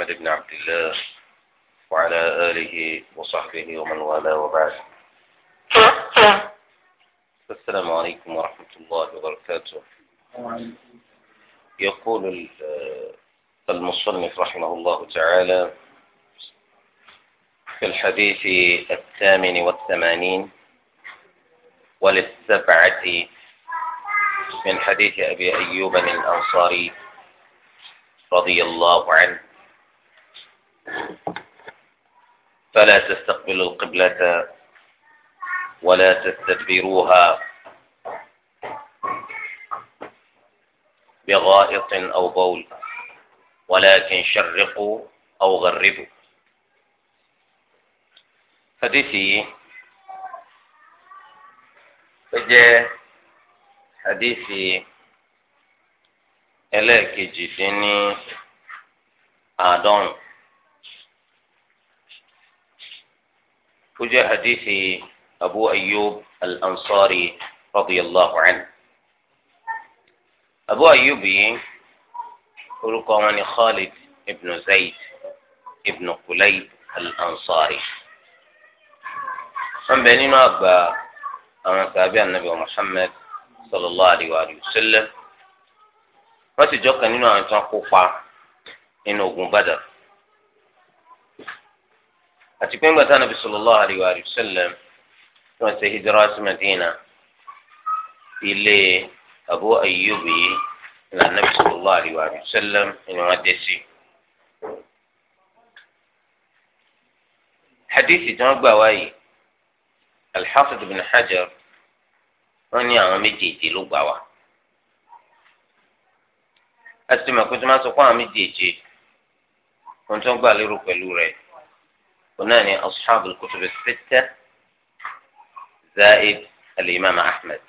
محمد بن عبد الله وعلى آله وصحبه ومن والاه وبعد السلام عليكم ورحمة الله وبركاته يقول المصنف رحمه الله تعالى في الحديث الثامن والثمانين وللسبعة من حديث أبي أيوب الأنصاري رضي الله عنه فلا تستقبلوا القبلة ولا تستدبروها بغائط أو بول ولكن شرقوا أو غربوا حديثي فجاء حديثي إليك جدني آدون وجاء حديث أبو أيوب الأنصاري رضي الله عنه أبو أيوب ورقم خالد ابن زيد ابن قليب الأنصاري من ما أبا أما تابع النبي محمد صلى الله عليه وآله وسلم wọ́n sì jọ́ kan nínú àwọn tí àti pé ńgbà táwọn sallallahu alaihi wa sallam tí wọ́n ṣe hijira sí Madina ilé Abu Ayyub yìí ní anabi sallallahu alaihi wa sallam ni wọ́n dé sí. hadithi tí wọ́n gbà wáyé al-Hafiz ibn Hajar wọ́n ní àwọn méjèèjì ló gbà wá a sì sọ fún àwọn méjèèjì wọ́n tún gbà lérò pẹ̀lú rẹ̀. قلنا أصحاب الكتب الستة زائد الإمام أحمد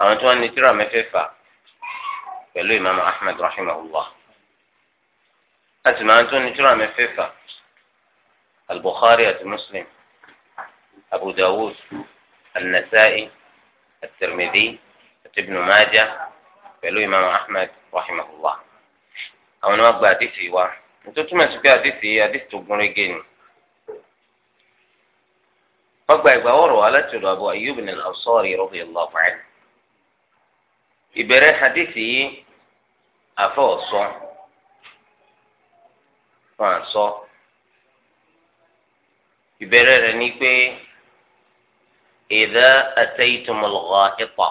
أنا أتوقع أن ترى مفيفا قالوا إمام أحمد رحمه الله أتوقع أن ترى فيفا البخاري المسلم أبو داود النسائي الترمذي ابن ماجه قالوا إمام أحمد رحمه الله ما أو نوبة تسيوه nítorí túmọ̀ sí pé àdìsí àdìsí tó gún régé ni wọ́n gba ìgbà wọ́rọ̀ wá láti ọ̀dọ̀ Abu Ayyub al-Ansari radiyallahu anhu ìbẹ̀rẹ̀ àdìsí yìí àfọ̀ sọ wọn à ìbẹ̀rẹ̀ rẹ̀ ni pé idha ataytumul gha'ita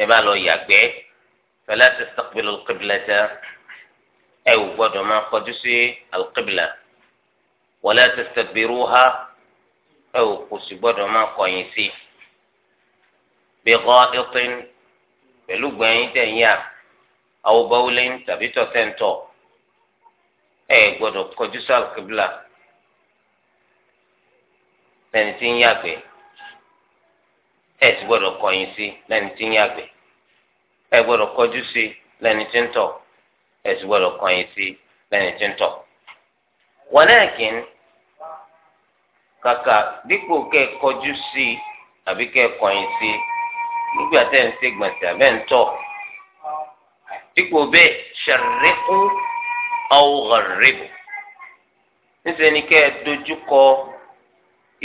ẹ bá lọ yàgbẹ́ fala tastaqbilu al-qiblata ẹ ò gbọ́dọ̀ máa kọjú sí al-qibla wala tastadbiruha ẹ ò kò sì gbọ́dọ̀ máa kọ̀yìn sí bi gha'itin pẹ̀lú gbẹ̀yìn tẹ̀yìn à aw bawlin tàbí tọ̀tẹ̀ntọ̀ ẹ gbọ́dọ̀ kọjú sí al-qibla lẹ́ni tí ń yàgbẹ́ ẹ sì gbọ́dọ̀ kọ̀yìn sí lẹ́ni tí ń yàgbẹ́ ẹ gbọ́dọ̀ kọjú sí lẹ́ni tí ń tọ̀ ẹ sì gbọ́dọ̀ kọ̀yìn sí lẹ́ni tí ń tọ̀. walakin kàkà dípò kẹ́ kọjú sí àbí kẹ́ kọ̀yìn sí nígbà tẹ́ ń ṣègbọ̀nsẹ̀ abẹ́ ń tọ̀ dípò bẹ́ẹ̀ sharriqu aw níṣẹ́ ni kẹ́ ẹ dojú kọ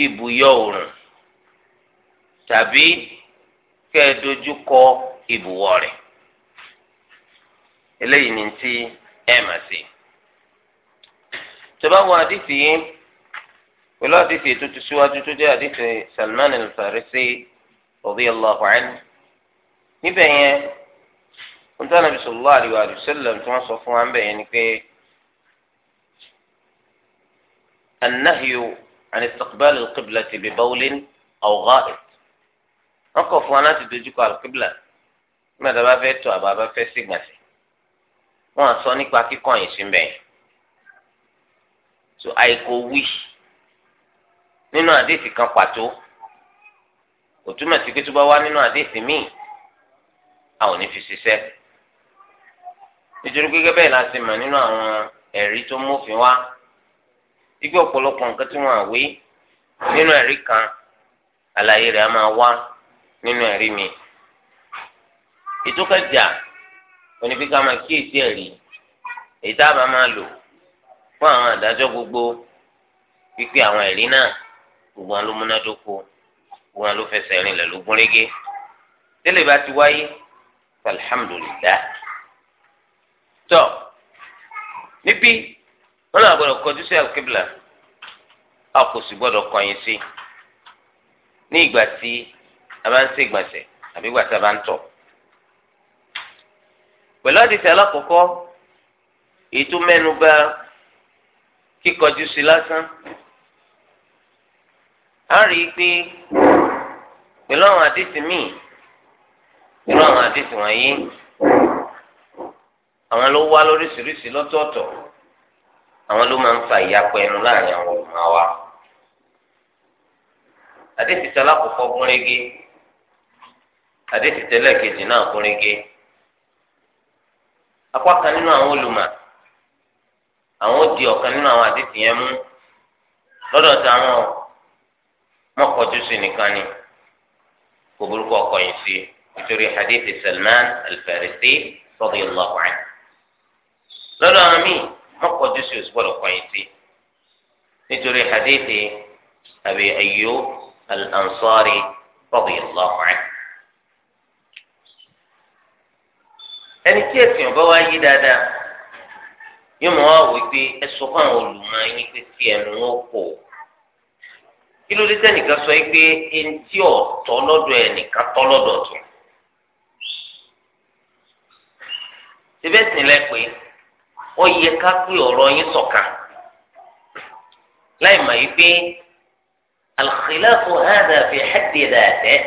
ibùyọ tàbí kẹ́ ẹ dojú ìbùwọ̀ rẹ̀ eléyìí ni ti ẹ mà sí tó bá wọ àdìsí yìí pẹ̀lú àdìsí tó ti síwájú tó jẹ́ àdìsí Salman al-Farisi radiyallahu anhu níbẹ̀ yẹn nítorí Ànábì sallallahu alaihi wa sallam tí wọ́n sọ fún wa ń bẹ̀ yẹn ni pé an-nahyu an istiqbal al bi bawl aw gha'it wọ́n kọ̀ fún wa láti dojú kọ nígbà tá a bá fẹ́ tọ̀ àbá bá fẹ́ sígbàsẹ̀ wọ́n á sọ nípa kíkọ̀yìn sí mbẹ́yìn so àìkò wí nínú àdéhìí kan pàtó kò túmọ̀ sí pé tó bá wá nínú àdéhìí míì a ò ní fi ṣiṣẹ́ nítorí gẹ́gẹ́ bẹ́ẹ̀ la ti mọ̀ nínú àwọn ẹ̀rí tó mófin wá igbó ọ̀pọ̀lọpọ̀ nǹkan tí wọ́n àwé nínú ẹ̀rí kan àlàyé rẹ̀ á máa wá nínú ẹ̀rí míì ìtúkẹ̀jà oníbi ká máa kíyèsí ẹ̀rí èyí tá a bá máa lò fún àwọn àdájọ́ gbogbo pípé àwọn ẹ̀rí náà gbogbo wọn ló múnádóko gbogbo wọn ló fẹsẹ̀ rinlẹ̀ ló gúnrégé tẹ́lẹ̀ bá ti wáyé alhamdulilayi tọ́ níbí wọn náà gbọ́dọ̀ kọjú sí alkebla a kò sì gbọ́dọ̀ kọ̀yìn sí ní ìgbà tí a bá ń ṣègbọ̀nsẹ̀ àbí ìgbà tí a bá ń tọ̀. pẹ̀lú àdìsí alákọ̀ọ́kọ́ ètò mẹ́nuba kíkọjú sí lásán a rí i pé pẹ̀lú àwọn àdìsí míì pẹ̀lú àwọn àdìsí wọ̀nyí àwọn ló wá lóríṣiríṣi lọ́tọ̀ọ̀tọ̀ àwọn ló máa ń fa ìyapọ̀ ẹnu láàrin àwọn olùmọ̀ wa àdìsí tẹ́lẹ̀ gúnrégé àdìsí tẹ́lẹ̀ kejì náà apá kan nínú àwọn olùmọ̀ àwọn ó di ọ̀kan nínú àwọn àdìsí yẹn mú lọ́dọ̀ táwọn mọ́kànjú sí nìkan ni kò burúkú ọkọ̀ yìí sí nítorí hadith Salman al-Farisi radiyallahu anhu lọ́dọ̀ àwọn míì mọ́kànjú sí òṣùpọ̀ ọkọ̀ yìí sí nítorí hadith Abi Ayyub al-Ansari radiyallahu anhu. ẹni tí ẹsìn ọba wa yí dáadáa yóò mọ wá wò pé ẹ sọ fún àwọn olùmọ̀ yín pé tí ẹnu wọn kò kí ló dé tẹnìkan sọ pé ẹni tí ọ̀tọ̀ lọ́dọ̀ ẹnìkan tọ́ lọ́dọ̀ tún síbẹ̀ sì lẹ pé ó yẹ ká pé ọ̀rọ̀ yín ṣọ̀kan láì mọ̀ yìí pé al-khilafu hadha fi haddi dhatihi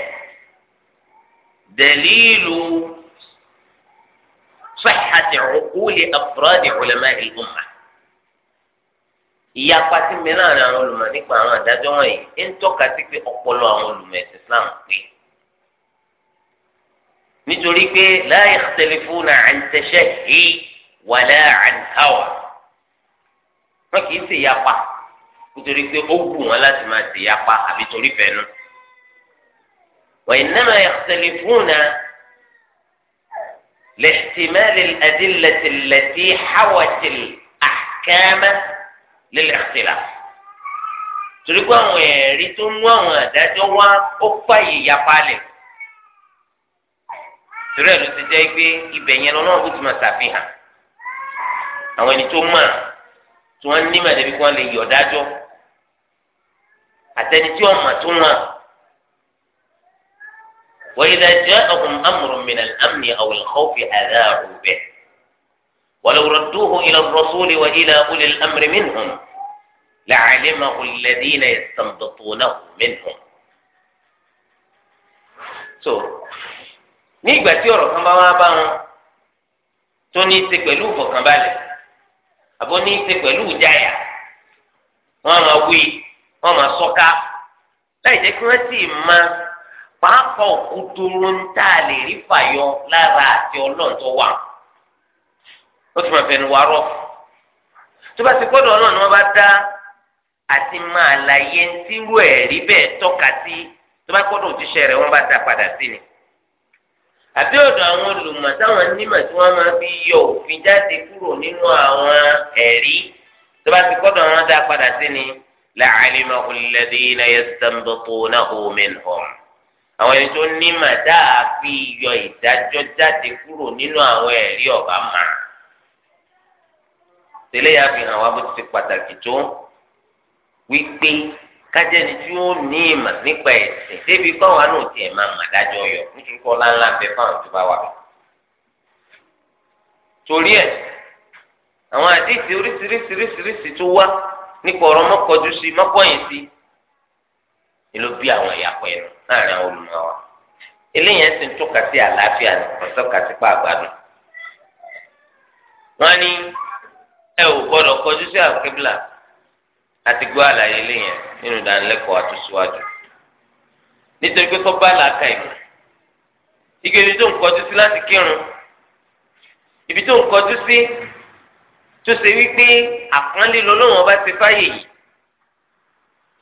dalilu. صحة عقول أفراد علماء الأمة ìyapa tí mi láàrin àwọn olùmọ̀ nípa àwọn àdájọ́ wọ̀nyí ń tọ́ka sí pé ọpọlọ àwọn olùmọ̀ ẹ̀sìn Islam pé nítorí pé la yakhtalifuna an tashahhi wala an hawa wọn kì í ṣe ìyapa nítorí pé ó wù wọn láti máa ṣe ìyapa àbí torí fẹ́nu wa innama yakhtalifuna. لاحتمال الأدلة التي حوت الأحكام للاختلاف torí pé àwọn ẹ̀rí tó mú àwọn àdájọ́ wá ó fàyè yapa lẹ̀ torí ẹ̀ ló ti jẹ́ pé ibẹ̀ yẹn lọ́nà ó ti máa ṣàfihàn àwọn ẹni tó mọ̀ tí wọ́n ní màdébí kí wọ́n lè yọ̀ dájọ́ àtẹni tí wọ́n mọ̀ tó mọ̀. وإذا جاءهم أمر من الأمن أو الخوف أذاعوا به ولو ردوه إلى الرسول وإلى أولي الأمر منهم لعلمه الذين يستنبطونه منهم so ìgbà tí ọ̀rọ̀ kan bá wá bá wọn tó ní í ṣe pẹ̀lú ìfọ̀kànbalẹ̀ àbó ní í ṣe pẹ̀lú ìjáyà wọ́n máa wí wọ́n máa sọ́ká láì jẹ́ kí wọ́n sì máa pàápàá òkúdúró ń tà lè rí fàyọ lára àti ọlọ́ọ̀tọ̀ wà ó ti máa fẹnu wa rọ tó bá ti gbọ́dọ̀ náà ni wọ́n bá dá àti máa láyé ntírú ẹ̀rí bẹ́ẹ̀ tọ́ka sí tó bá gbọ́dọ̀ òjíṣẹ́ rẹ̀ wọ́n bá dá padà sí ni àbí ọ̀dọ̀ àwọn olùmọ̀ táwọn onímọ̀ tí wọ́n máa fi yọ òfin jáde kúrò nínú àwọn ẹ̀rí tó bá ti gbọ́dọ̀ wọn dá padà sí ni la'alimahu alladhina àwọn ẹni tó ní màdáà fi yọ ìdájọ́ jáde kúrò nínú àwọn ẹ̀rí ọ̀bá mà tẹ́lẹ̀ yà fi hàn wá bó ti ṣe pàtàkì tó wípé kájẹ́ni tí ó ní ìmọ̀ nípa ẹ̀sìn débi káwa náà tiẹ̀ máa mà dájọ́ yọ nítorí kọ́ láńlá bẹ fáwọn tó bá wà torí ẹ̀ àwọn àdìsí oríṣiríṣiríṣiríṣi tó wá nípa ọ̀rọ̀ mọ́kọjú sí mọ́kọ́yìn sí ni ló bí àwọn ìyàpọ̀ ẹnu láàrin àwọn olùmọ̀ wa eléyìí ti ń tọ́ka sí àlàáfíà ní ọ̀sọ́ka sí pàgbádùn wọn ní ẹ ò gbọdọ̀ kọjú sí àkébìlà àti gbọ́ àlàyé eléyìí nínú ìdánilẹ́kọ̀ọ́ àtúnṣíwájú nítorí pé tó bá làákà ìmọ̀ ìgbèrè tó ń kọjú sí láti kírun ibi tó ń kọjú sí tó ṣe wípé àpọ́nlé lọ́lọ́wọ́n bá ti fáyè yìí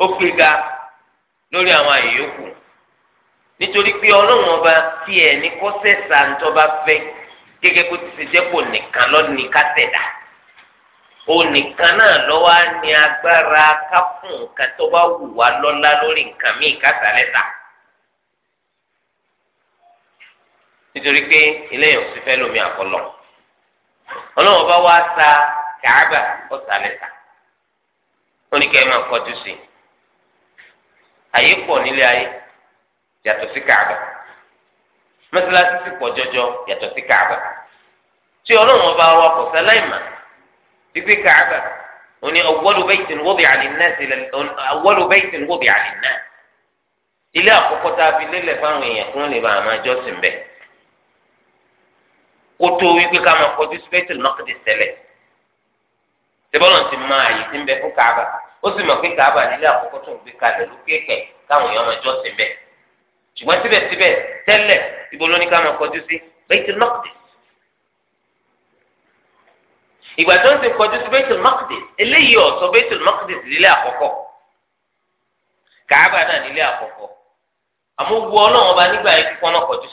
ó gbéga lórí àwọn àyòkù nítorí pé ọlọ́run ọba tí ẹ̀ ní kó sẹ̀sà fẹ́ gẹ́gẹ́ bó ti ṣe jẹ́pọ̀ nìkan lọ́ni ká o nìkan náà lọ́wọ́ á ní agbára ká fún nǹkan tó bá wù wá lórí nǹkan míì sa kàábà ọ̀sà ó ní àyè pọ̀ nílé ayé yàtọ̀ sí káàbà mọ́sálásí sì pọ̀ jọjọ yàtọ̀ sí káàbà tí ọlọ́run ọba wa kò sáláìmà gbígbé káàbà ó ní awwalu baytin wudi'a lin-nasi awwalu baytin wudi'a lin-nasi ilé àkọ́kọ́ tá a fi lélẹ̀ fáwọn èèyàn kí lè bá àmọ́ ẹjọ́sìn bẹ̀ kó tó wípé ká máa kọjú sí Baitul Maqdis tẹ́lẹ̀ tẹ́bọ́lọ̀ ti máa àyè tí ń fún káàbà ó sì mọ̀ pé kàábà nílé àkọ́kọ́ tó ń gbé kalẹ̀ lókè pẹ̀ káwọn èèyàn máa jọ́sìn bẹ́ẹ̀ ṣùgbọ́n síbẹ̀síbẹ̀ tẹ́lẹ̀ ibo ló ní ká máa kọjú sí Baitul Maqdis ìgbà tó ń ti kọjú sí Baitul Maqdis eléyìí ọ̀sọ́ Baitul Maqdis nílé àkọ́kọ́ kàábà náà nílé àkọ́kọ́ àmọ́ wu ọlọ́run ọba nígbà yẹn náà kọjú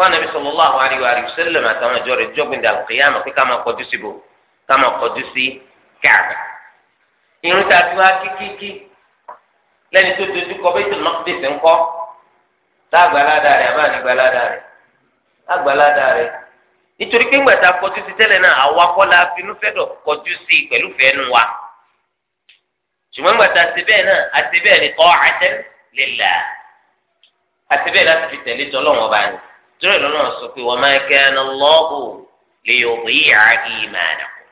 fún anabi alayhi wa sallam àtàwọn ìjọ rẹ̀ jọgbìn dàlù kìyàmù pé ká máa kọjú sí bo ká máa kọjú sí Káàbà irun a ti wá kíkíkí lẹ́ni tó dojú kọ rẹ̀ rẹ̀ a kọjú sí tẹ́lẹ̀ náà àwa kọ́ la finú kọjú sí pẹ̀lú wa ṣùgbọ́n tá a bẹ́ẹ̀ náà a torí náà sọ pé wa ma kana Allahu li yudi'a imanakum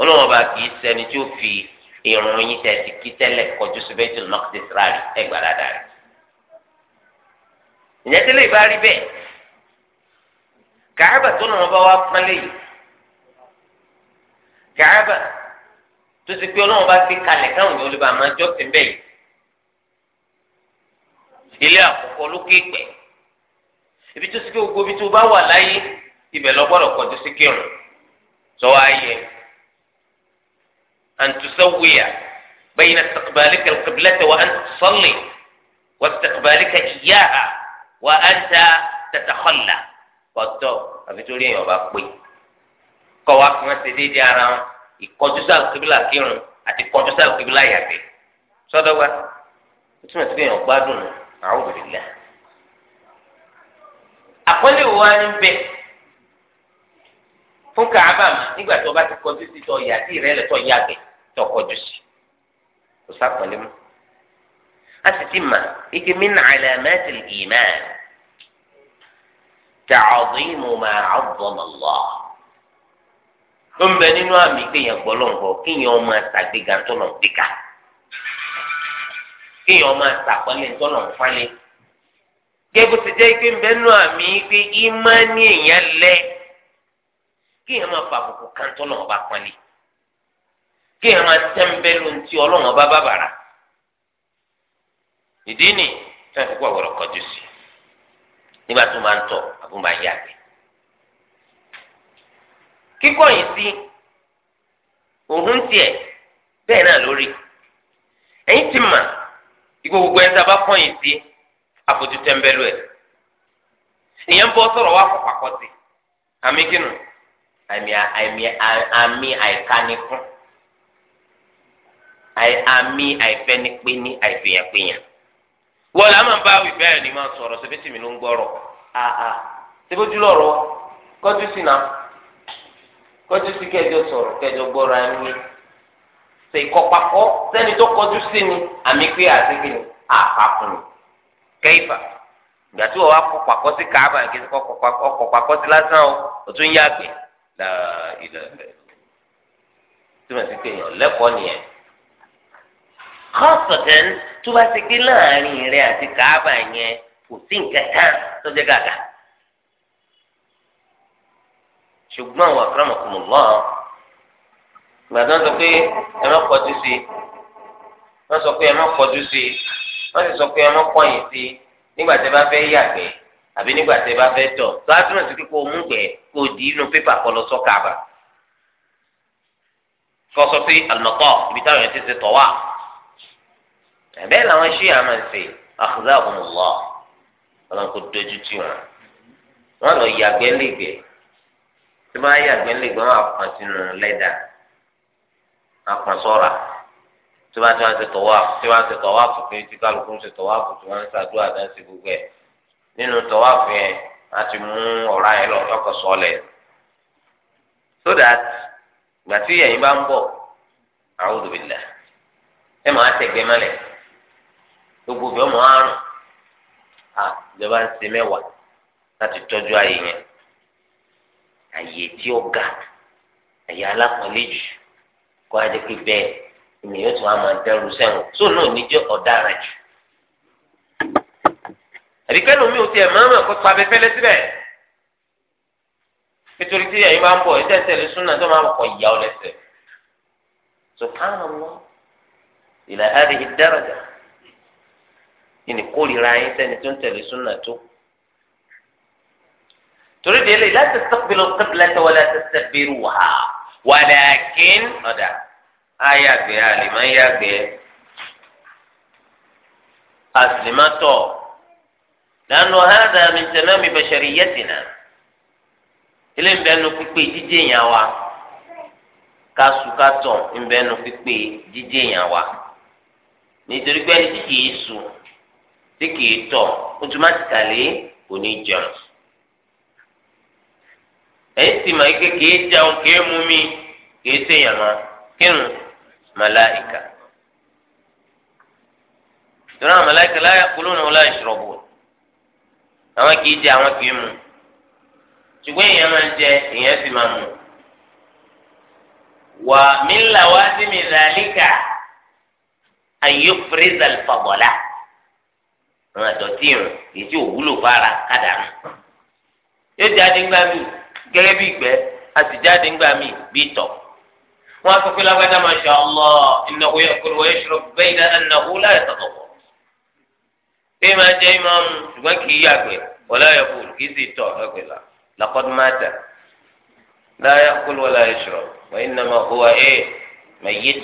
olóòwò bá kì í ṣẹni tí ó fi yín tẹ̀sí kí tẹ́lẹ̀ kọjú sí rẹ̀ ìyẹn rí bẹ́ẹ̀ tó bá wá tó ti pé bá kalẹ̀ káwọn yóò lè bá máa bẹ́ẹ̀ ilé àkọ́kọ́ ló kéèpẹ̀ ibi tó sì pé gbogbo ibi tó bá wà láyé ibẹ̀ lọ gbọ́dọ̀ kọjú sí kírun sọ ayẹ àǹtùsọ̀wìyà bẹ́yìn àtàkùbálẹ́kẹ̀ kìbìlẹ́tẹ̀ wà àǹtùsọ̀lẹ̀ wà àtàkùbálẹ́kẹ̀ ìyáha wà àǹtà tàtàkọ́là kọ́tọ́ àfi tó rí èèyàn bá pé kọ́ wa fi ṣe déédéé ara wọn ìkọjú sáà kìbìlà kírun àti kọjú sáà kìbìlà yàgbẹ́ sọ́dọ̀ wa ó túmọ̀ sí pé èèyàn gbádùn àwọn òbí lẹ́yìn. àkọlé wo wá ní bẹ fún Kaaba mà nígbà tó o bá ti kọjú sí tọ ìyá tí ìrẹ́lẹ̀ tọ ìyá gbẹ tọ kọjú sí kò sákọlé mu a sì ti mà ike ma 'azzama Allah ó ń bẹ nínú àmì kéèyàn gbọlọǹgbọ kéèyàn ọmọ àtàgbéga tọnà gbéga ọmọ kí ẹbí ti jẹ́ pé nbẹ́nu àmì pé ìmánì èèyàn lẹ kí èèyàn máa fa àbùkù kan tó lọ́wọ́ bá pọ́nlé kí èèyàn máa tẹ́ńbẹ́lú ti ọlọ́wọ́ bá bàbàrà ìdí ni tí wọ́n fi kó àwòrán kọjú sí nígbà tó máa ń tọ̀ àbúrò máa ń kíkọ́ yìí sí òun tiẹ̀ bẹ́ẹ̀ náà lórí ẹ̀yin ti mà ìgbò gbogbo ẹ̀ ń sábà kọ́ yìí sí. àfojú tẹ́ńbẹ́lú ìyẹn bọ́ sọ̀rọ̀ wá fọ̀ gịnụ, àmì kínú àmì àmì àmì àìkánikún àmì àìfẹ́nipéni àìfìyàpéyàn wọ́n làá ń bá wí máa mi ló ń gbọ́rọ̀ àà sẹ́fẹ́jú sí sí kẹjọ kẹjọ kẹ́yìfà ìgbà tí wọ́n wá kọ pàkọ́ sí káàbà kí ọkọ̀ pàkọ́ sí lásán o ò tún yàgbẹ́ ilẹ̀ túmọ̀ sí pé èèyàn lẹ́kọ̀ọ́ nìyẹn. kọ́sọ̀tẹ́n tó bá ti gbé láàrin rẹ̀ àti káàbà yẹn kò sí nǹkan kan tó jẹ́ gàgà. ṣùgbọ́n àwọn akọ́nàmọ̀kùnmọ̀ lọ́ọ̀ gbàdán sọ pé ẹ má kọjú sí i wọ́n sọ pé ẹ má kọjú sí i wọ́n sì sọ pé ọmọ kọ̀yìn sí nígbà tẹ́ bá fẹ́ yàgbẹ́ àbí nígbà tẹ́ bá fẹ́ tọ̀ tó a túmọ̀ sí pé kó o mú gbẹ kó o dì í nu pépà kọ lọ sọ́kà àbà kó sọ pé àlùmọ̀tọ̀ ibi táwọn yẹn ti ṣe tọ̀ wá bẹ́ẹ̀ làwọn ṣí àmà ń ṣe àkùzá àbùmùlọ́ ọlọ́run kò dojú tì wọ́n wọ́n lọ yàgbẹ́ lẹ́gbẹ́ tí wọ́n bá yàgbẹ́ lẹ́gbẹ́ wọ́n á pọ̀ sínú lẹ́dà á pọ̀ sọ́ra tí wọ́n ti wá ń ṣe tọ̀wáàfù tí wọ́n ń ṣe tọ̀wáàfù pé tí kálukú ń ṣe tọ̀wáàfù tí wọ́n ń ṣàdúrà dá sí gbogbo ẹ̀ nínú tọ̀wáàfù yẹn wọ́n ti mú ọ̀rá yẹn lọ ọkọ̀ sọ́ọ̀lẹ̀ so that ìgbà tí ẹ̀yin bá ń bọ̀ a'udhu billah ẹ máa tẹ̀gbẹ́ mọ́lẹ̀ gbogbo ìbí ọmọ àrùn à ìjọba ń ṣe mẹ́wàá láti tọ́jú ààyè yẹn ààyè tí ó ga ààyè alápọ̀nlé jù ni yóò tún á máa dẹrù sẹ́wọ̀n tó náà ní jẹ́ ọ̀daràn jù. àdìkẹ́nu mi ò tiẹ̀ máa ń mọ̀ kó pa abẹ́fẹ́lẹ́ síbẹ̀ nítorí tí ẹ̀yin bá ń bọ̀ ẹ̀jẹ̀ tẹ̀lé súnà tó máa ń kọ̀ ìyá ọ lẹ́sẹ̀. subhanallah ila hadhihi daraja ìní kórìíra yín sẹ́ni tó ń tẹ̀lé súnà tó. torí délé la tastaqbilu al-qiblata ayàgbẹ́ àlèmọ́ yàgbẹ́ àsìlímátọ̀ lánà hàdà mi tẹ̀lé mi bẹ̀sẹ̀rì nu pípé jíjẹ́ yẹn wa kásùkátọ̀ ń bẹ́ẹ̀ nu pípé jíjẹ́ yẹn wa nítorí pé ẹni tí kìí sùn tí kìí tọ̀ automatically kò ní jẹun èyí sì ka jẹun mú mi màláìka torí àwọn màláìka la ya'kuluna wa la yashrabun àwọn kì í jẹ àwọn kì í mu ṣùgbọ́n èèyàn máa ń jẹ èèyàn sì máa mu wà mí là wá sí mi zàlíkà ayé fúrẹ́sàl fàbọ̀là àwọn àdọ̀tí irun èyí tí ò wúlò fara kádàánù yóò jáde ńgbà mí gẹ́gẹ́ bí ìgbẹ́ a sì jáde ńgbà mí bí tọ̀. wọn á sọ pé lágbájá máa ṣe ọlọ innahu ya'kulu wa yashrabu bayna annahu la yatatawwa bí máa jẹ ìmáàmù ṣùgbọ́n kì í yàgbẹ́ wala yaqulu kì í sì tọ̀ ọ̀gbẹ̀là laqad mata la ya'kulu wa la yashrabu wa innama huwa ẹ̀ mayyit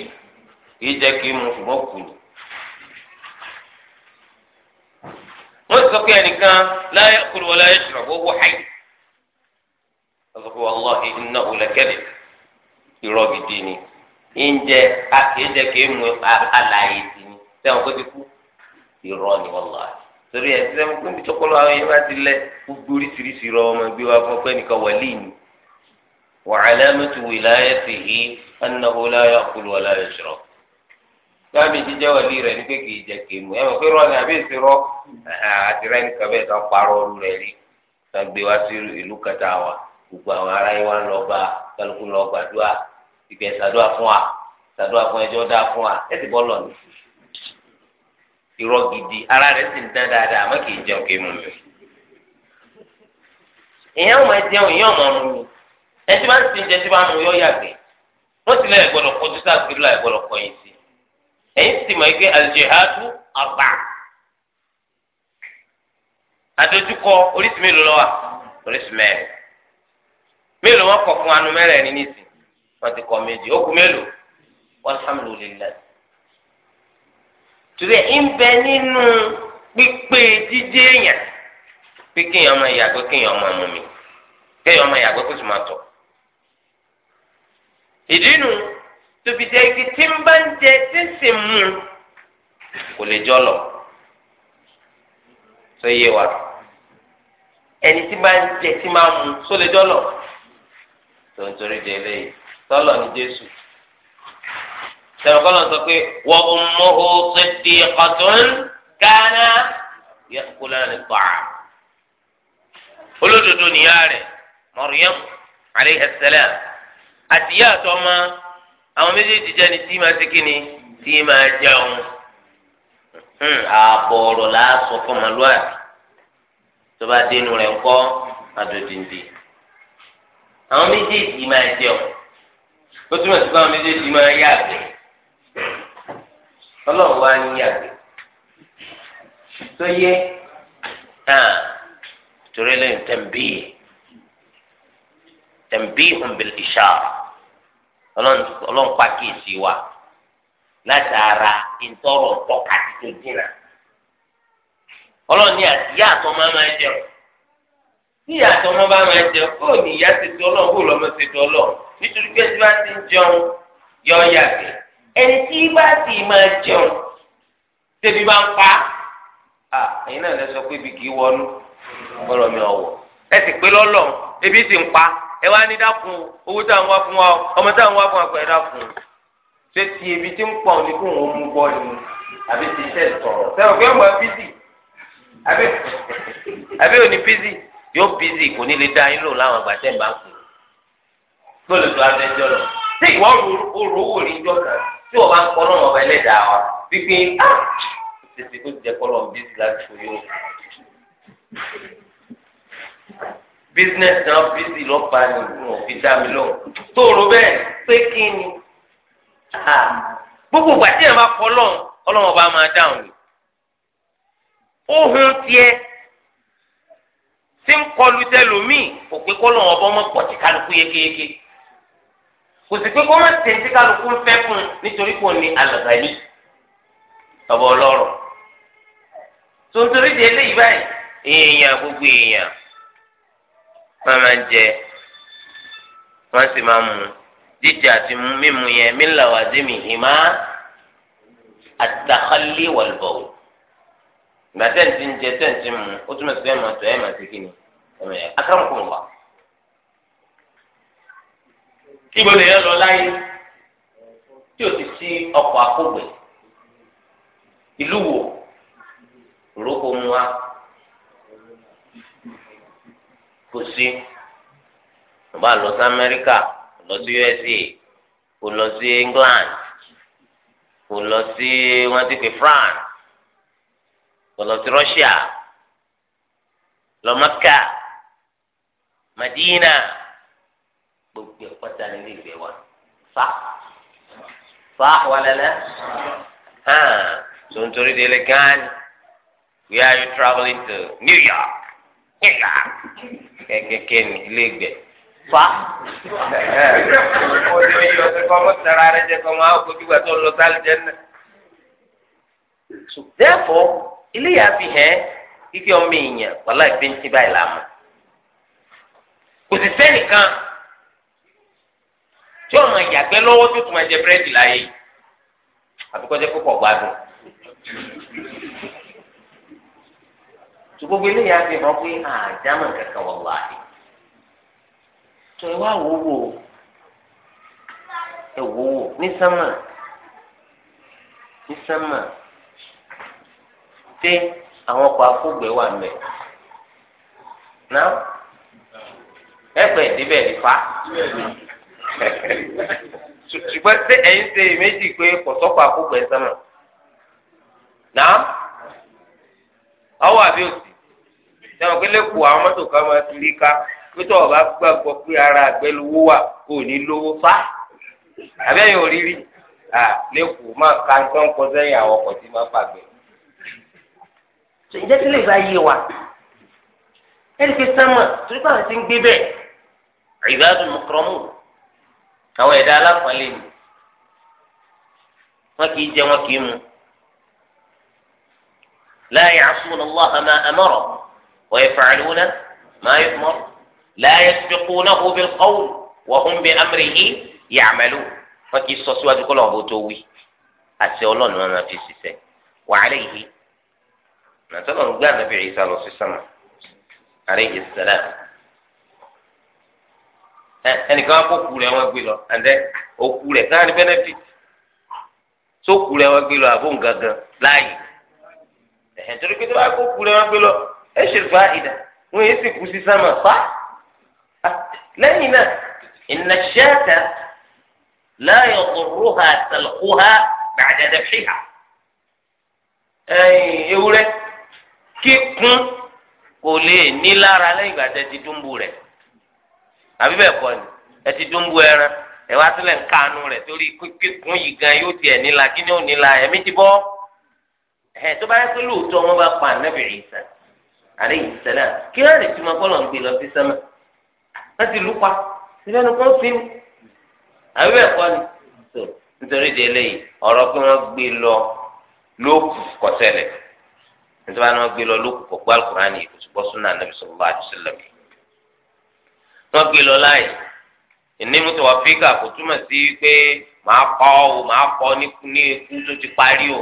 kì í jẹ́ kí mu ṣùgbọ́n kù ní. wọ́n sọ pé ẹnìkan la ya'kulu wa la yashrabu wa huwa hayy. wọ́n sọ pé wallahi innahu lakadhib irọ́ gidi ni ìjẹ àkèjẹ kìí mu àlàyé sí ni sẹ́wọ̀n kó ti kú irọ́ ni wọ́n lọ àti torí ẹ̀ sẹ́wọ̀n kó ti tọ́kọ́lọ́ àwọn yẹn bá ti lẹ gbogbo oríṣiríṣi irọ́ ọmọ gbé wa fún ọpẹ́ nìkan wọlé ni wa'alamatu wilayatihi annahu la ya'kulu wa la yashrab sáàbì jíjẹ́ wọlé rẹ̀ ní pé kìí jẹ kìí mu ẹ̀ mọ̀ pé rọ́ọ̀nì àbí ìṣirọ́ àtìrẹ́ nìkan bẹ́ẹ̀ tán parọ́ ọ̀rù rẹ̀ rí gbogbo àwọn ará yìí wá ń lọ bá kálukú lọ gbàdúrà ìgbẹ́ ṣàdúrà fún wa ṣàdúrà fún ẹjọ́ dáa fún wa ẹ ti bọ́ lọ ní. irọ́ gidi ara rẹ̀ sì ń dán dáadáa àmọ́ kì í jẹun kì í mú mi. ìyẹn ò máa jẹun ìyẹn ò máa mú mi ẹtí máa ń sin jẹ tí máa mú yọ yàgbẹ́ wọ́n ti lẹ́yìn gbọ́dọ̀ kọjú sáà láì gbọ́dọ̀ kọyìn sí ẹ̀yìn sì mọ̀ ike àlùjẹ̀hádù àgbà àdójúkọ oríṣi mélòó lọ́wọ́ oríṣi mẹ́rin mélòó wọn kọ̀ fún anu mẹ́rẹ̀ẹ̀rin nísìn wọn ti kọ méjì ó kú mélòó walhamdulillah tùdẹ̀ ń bẹ nínú pípé jíjẹ èèyàn pé kéèyàn máa yàgbẹ́ ma máa mú mi kéèyàn máa yàgbẹ́ kó sì máa tọ̀ ìdí nu tóbi jẹ́ igi tí ń bá ń wa so le jọ lọ sọ́lọ̀ ní jésù sẹ́wọ̀n kọ́ lọ sọ pé wọ́n ummuhu siddiqatun kana yakulani ta'a olódodo nìyá rẹ̀ Maryam aleyhi salam àtìyá àtọmọ àwọn méjèèjì jẹ́ ni tí máa ṣe kí ni tí máa jẹun ààbọ̀ hmm, ọ̀rọ̀ làásọ fún ọmọlúwàbí tó bá dénú rẹ̀ ńkọ́ àdòdìndì àwọn méjèèjì máa jẹun ó túmọ̀ sí báwọn méjèèjì máa yá àgbẹ̀ ọlọ́run wá ní àgbẹ̀ tó yẹ náà torí lẹ́yìn tẹ̀m̀bí tẹ̀m̀bí hùmbìlì ìṣá ọlọ́run pàkíyèsí wa látara ìtọ́rọ̀ tọ́ka tó dínà ọlọ́run ní àtìyá àtọ́ máa máa jẹun tí ìyàtọ̀ ọmọ bá máa jẹ kó ní ìyá ti tó ọlọ́run kó lọ́mọ ti tó ọlọ́run nítorí pé tí wọ́n ti ń jẹun yọ yàgbẹ́ ẹni tí bá ti máa jẹun tẹbi bá ń pa á ẹ̀yin náà lẹ sọ pé ibi kì í wọnú bọ́lọ̀ mi ọ̀wọ̀ ẹ sì pé lọ́lọ́run ebi sì ń pa ẹ wá ní dákun owó tá à ń wá fún wa ọmọ tá à ń wá fún wa pẹ̀lú dákun ṣé ti ebi ti ń pọ̀ ní kó òun mú bọ́ ni àbí ti iṣẹ́ sọ̀rọ̀ sẹ́wọ̀n pé ọmọ bízì àbí òní bízì yóò bízì kò ní lè dá yín lò láwọn àgbà tẹ́ ń bá kú gbọ́dọ̀ tó abẹ́jọ́ lọ tí ìwọ òrò owó rí jọ kan tí wọ́n bá ń kọ́ lọ́wọ́ ọba ẹlẹ́dàá wa wípé á ah! tètè kó jẹ kọ́ lọ́wọ́ bízì láti fò yóò bísínẹ́sì náà bízì lọ́pàá ni wọn fi dá mi lọ tóòrò bẹ́ẹ̀ pé kí ni ah! gbogbo ìgbà tí ẹ̀ máa kọ́ lọ́wọ́ ọlọ́wọ́ máa dáhùn ohun tiẹ̀ tí ń kọlu tẹlómìn kò pé kó lọ́wọ́ bọ́ mọ́ pọ̀ tí kálukú yékéyéké kò sì pé kó má tẹ̀ tí kálukú ń fẹ́ fún un nítorí kò ní alàgbàní ọ̀bọ̀ ọlọ́rọ̀ tó ń eléyìí báyìí èèyàn gbogbo èèyàn wọn máa jẹ wọn sì máa ń jíjẹ àti mímu yẹn mílàwá dé mi ìmá àtàkálẹ̀ wàlúbọ̀wò ìgbà tẹ́ǹtì ń jẹ tẹ́ǹtì mu ó túmọ̀ sí pé ẹ̀mọ̀ tó ẹ̀mọ̀ sí kíni ẹ̀mọ̀ yẹn akérèmọ̀kọ̀ wà. ibo lè yẹ lọ láyé tí o ti sí ọkọ̀ akógbè ìlú wo ìrókò mu wa kò sí o bá lọ sí Amẹ́ríkà lọ sí USA kò lọ sí England kò lọ sí wọ́n ti pè France lọ sí Russia lọ Mẹ́kà Madina gbogbo ẹ̀kọ́ta nílé ìgbẹ́ wa fa fa wàlẹ́lẹ́ hàn tó ń torí délé gánni where are you travelling to New York New York kẹ̀kẹ́kẹ́ ní ilé ìgbẹ́ fa ọjọ́ yìí ọ̀sẹ̀ kọ́ mọ́ sara rẹ̀ jẹ́ kọ́ mọ́ àwọn kojú wa tó ń lọ sálẹ̀ jẹ́ náà. therefore ilé yà fi hẹ́ kíkí ọmọ èèyàn wàhálà ìpéǹtì báyìí làmú kò sì sẹ́nìkan tí ọmọ ìyàgbẹ́ lọ́wọ́ tó tún ẹ̀jẹ̀ búrẹ́dì láyé àbíkọ́jẹ́ púpọ̀ gbádùn. tó gbogbo ilé yà fi hàn pé àdámọ̀ kankan wà láàyè tó ẹ wá wòwò ẹ wòwò ní sánmà ní sánmà ṣé àwọn ọkọ̀ afúgbẹ́ wà ń bẹ̀? ná ẹ̀pẹ̀ ìdíbẹ̀ ní fa. ṣùgbọ́n ṣé ẹ̀yin ṣe méjì pé kò sọ́kọ̀ afúgbẹ́ sánmà? ná ọwọ́ àbí òsì sẹ́wọ̀n pé lẹ́kọ̀ọ́ àwọn mọ́tò kan máa ti rí ká pété ọba gbàgbọ́ pé ara àgbẹ̀lówó wà kò ní lówó fa àbẹ́yìn òrírí lẹ́kọ̀ọ́ máa ka nǹkan kọ sẹ́yìn àwọn ọkọ̀ tí máa fàgbẹ́ tó ìjẹ́ tí lè bá yé wa ẹni pé sámà torí pé àwọn ti ń gbé bẹ́ẹ̀ ìbádùn mọ̀kọ́rọ́mù àwọn ẹ̀dá aláfọ̀ọ́lẹ̀ ni wọn kì í jẹ wọn kì í mu la ya'suna Allaha ma amara wa yaf'aluna ma yu'mar la yasbiqunahu bil qawl wa hum bi amrihi ya'malun wọn kì í sọ síwájú kọ́ lọ́wọ́ bó tó wí àti ọlọ́run wọn máa fi ṣiṣẹ́ wa alayhi. nàtọ́nà ń gbé ànábì Ìsá lọ sí sánmà alayhi salam ẹnìkan kó kú rẹ̀ wọ́n gbé lọ àndẹ́ òkú rẹ̀ káà ní benefit tó kú rẹ̀ wọ́n gbé lọ àbó ngangan láàyè ẹ̀hìn torí pé tó bá kó kú rẹ̀ wọ́n gbé lọ ẹ̀ ṣe fà ìdá wọ́n yé sì kú sí sánmà fà lẹ́yìn náà inna shata la yadurruha talquha ba'da daf'iha ewúrẹ́. kíkún kò lè ní lára lẹ́yìn ti dúnbù rẹ̀ àbí bẹ́ẹ̀ kọ́ ni ẹ ti dúnbù ẹran ẹ wá sílẹ̀ ń kánú rẹ̀ torí kíkún yìí gan yóò ẹ̀ níla kí ni ó níla ẹ̀mí ti bọ́ ẹ̀ tó bá yẹ lóòótọ́ wọn bá pa kí wọ́n lè túmọ̀ bọ́ọ̀lù lọ sí nítorí wọn gbé lọ lókùn kọ gbọ́ alukurani kò sì bọ́ súnà nàbí sallallahu alaihi wasallam wọn gbé lọ láì ìní mú tọwọ́ fíkà kò túmọ̀ sí pé màá kọ́ ọ màá kọ́ ní ikú tó ti parí o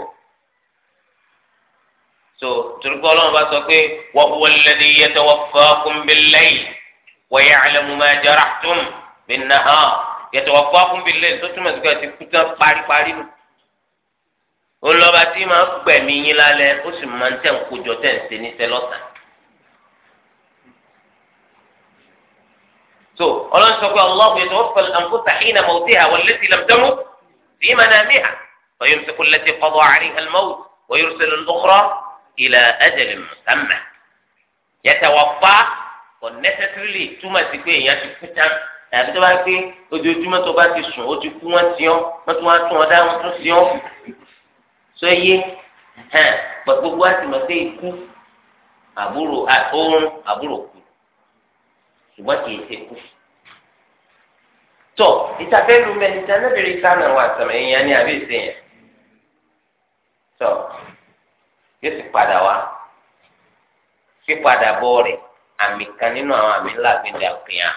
so turukọ Ọlọ́run bá sọ pé wa huwa alladhi yatawaffakum bil-layl wa ya'lamu ma jarahtum bin-nahar yatawaffakum bil-layl tó túmọ̀ sí pé ẹ ti kú tán paríparí nù olọba tí ma gbẹ̀mí yín lálẹ́ ó sì máa ń tẹ̀ ń kójọ tẹ̀ ń ṣe níṣẹ́ lọ́sàn. so ọlọ́run sọ pé Allahu yatawaffa al-anfusa hina mawtiha wallati lam tamut fi manamiha wa yumsiku allati qada 'alayha al-mawt wa yursilu al-ukhra ila ajalin musamma. yatawaffa kò necessarily túmọ̀ sí pé èèyàn ti kú tán àbí tó bá gbé ojoojúmọ́ tó bá ti sùn ó ti kú wọ́n ti wọ́n tún wá tún ọ dá tún sí tó yé hàn gbogbo àti mọ̀ pé ikú àbúrò oorun àbúrò kú ṣùgbọ́n kì í ṣe kú. tó ìtàfẹ́ lu mẹ́ni tí anábìrin sánà wà sàmì ìyẹn ní àbí ìsẹ̀yìn tó yóò sì padà wá pípadà bọ́ rẹ̀ àmì kan nínú àwọn àmì ńlá gbẹ̀dẹ̀ àkùnyà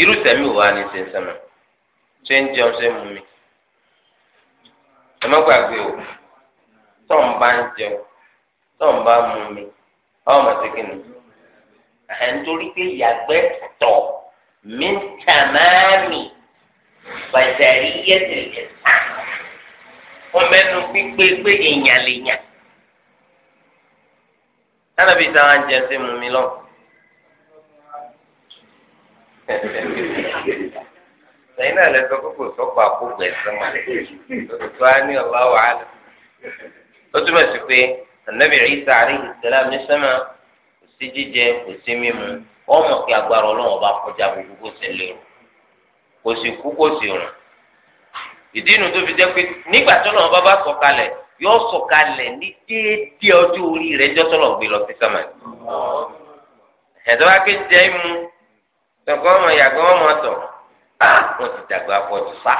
irú tẹ̀mí wo wá ní sẹ́sẹ́ mọ́ ṣé ń jẹun ṣé mú mi ẹ má gbàgbé o tó ń bá ń jẹun tó ń bá mú mi ọ mà ti kìnnì à ń torí pé yàgbẹ́ tọ̀ mí ń tà máa mì bàtàrí yẹ́tẹ̀lẹ̀ sàn wọ́n mẹ́nu pípé pé èèyàn lè yàn anabi ta wa jẹ sí mu mi lọ sẹ́yìn náà lẹsọ kókò sọpọ àkókò ẹsẹn wa tuntun á ní ọlá wàhálà ó túbọ̀ sí pé anabi Isa alayhi salam ní kò sí jíjẹ kò sí mímu wọ́n kí agbára kọjá gbogbo kó sì lérò kò kú kò rùn ìdí inú tó fi pé nígbà tó ó ti dàgbà afọ ti fa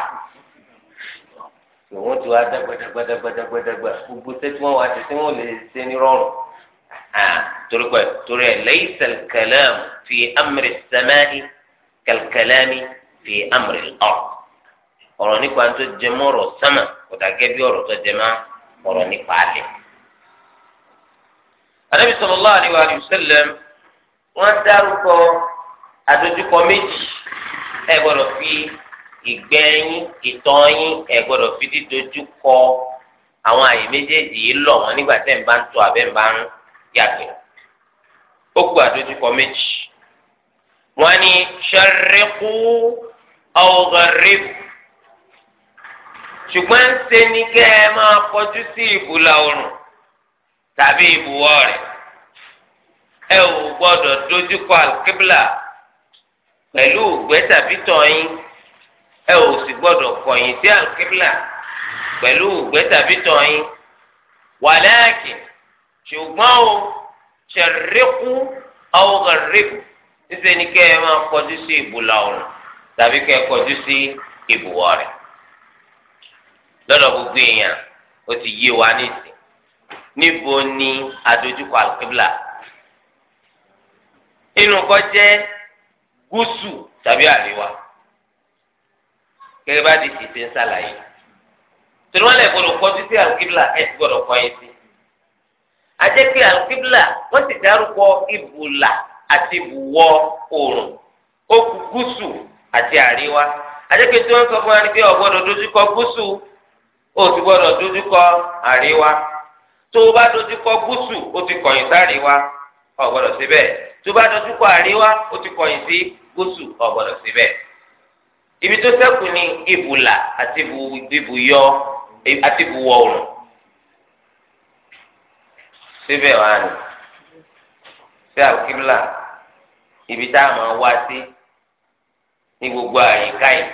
wọ́n ti wá dàgbàdàgbàdàgbàdàgbà gbogbo sẹ́tí wọ́n wá ti tẹ̀sí wọ́n lè ṣe ní rọrùn torí pẹ̀ torí ẹ̀ lẹyìn al fi amri as-sama'i kal-kalami fi amri al ọ̀rọ̀ nípa tó jẹ mọ́ ọ̀rọ̀ sẹmẹ kò dàgẹ́ bí ọ̀rọ̀ tó jẹ mọ́ ọ̀rọ̀ nípa alẹ́. Ànábì sallallahu alaihi wa sallam wọ́n dárúkọ àdójúkọ méjì. ẹ gbọ́dọ̀ fi ìgbẹ́ yín ìtọ̀ yín ẹ gbọ́dọ̀ fi dídojú kọ àwọn àyè méjèèjì yìí lọ̀ wọ́n nígbà tẹ́ ń bá ń tọ̀ abẹ́ ń bá ń yàgbẹ́ ó kú àdójúkọ méjì wọ́n ní sẹríkú ọgọrìbù ṣùgbọ́n ṣe ni kẹ́ ẹ máa kọjú sí ìbùlà oòrùn tàbí ìbùwọ̀ rẹ̀ ẹ ò gbọ́dọ̀ dojúkọ alkibla pẹ̀lú ògbẹ́ tàbí tọ̀yìn ẹ ò sì gbọ́dọ̀ kọ̀yìn sí àlùkíbílà pẹ̀lú ògbẹ́ tàbí tọ̀yìn wàlẹ́ẹ̀kì ṣùgbọ́n o ṣẹ̀ríkú ọ̀gàríkù ṣíṣe ni kẹ́ ẹ máa kọjú sí ìbùlà ọ̀rùn tàbí kẹ́ ẹ kọjú sí ìbùwọ̀ rẹ̀ lọ́dọ̀ gbogbo èèyàn ó ti yé wa nísì níbo ni adójúkọ àlùkíbílà inú kọjẹ́ gúúsù tàbí àríwá gẹ́gẹ́ bá di ti ṣe ń ṣàlàyé torí wọn lè gbọ́dọ̀ kọjú sí alukibla ẹ ti gbọ́dọ̀ kọ yín sí ajẹ́ pé alukibla wọ́n sì dárúkọ ibùlà àti ibùwọ̀ oòrùn ó kù gúúsù àti àríwá ajẹ́ pé tí wọ́n sọ fún wa ni pé o gbọ́dọ̀ dojúkọ gúúsù o ti gbọ́dọ̀ dojúkọ àríwá tó o bá dojúkọ gúúsù o ti kọ̀yìn sáríwá o gbọ́dọ̀ síbẹ̀ tó o bá dojúkọ àríwá o ti kọ̀yìn sí gúúsù ọ̀gbọ́dọ̀ síbẹ̀ ibi tó ṣẹ́kù ni ibùlà àti ibùyọ àti ibùwọ̀ oòrùn síbẹ̀ wá ní sí àkíbílà ibi tá a máa wá sí ní gbogbo àyíká yìí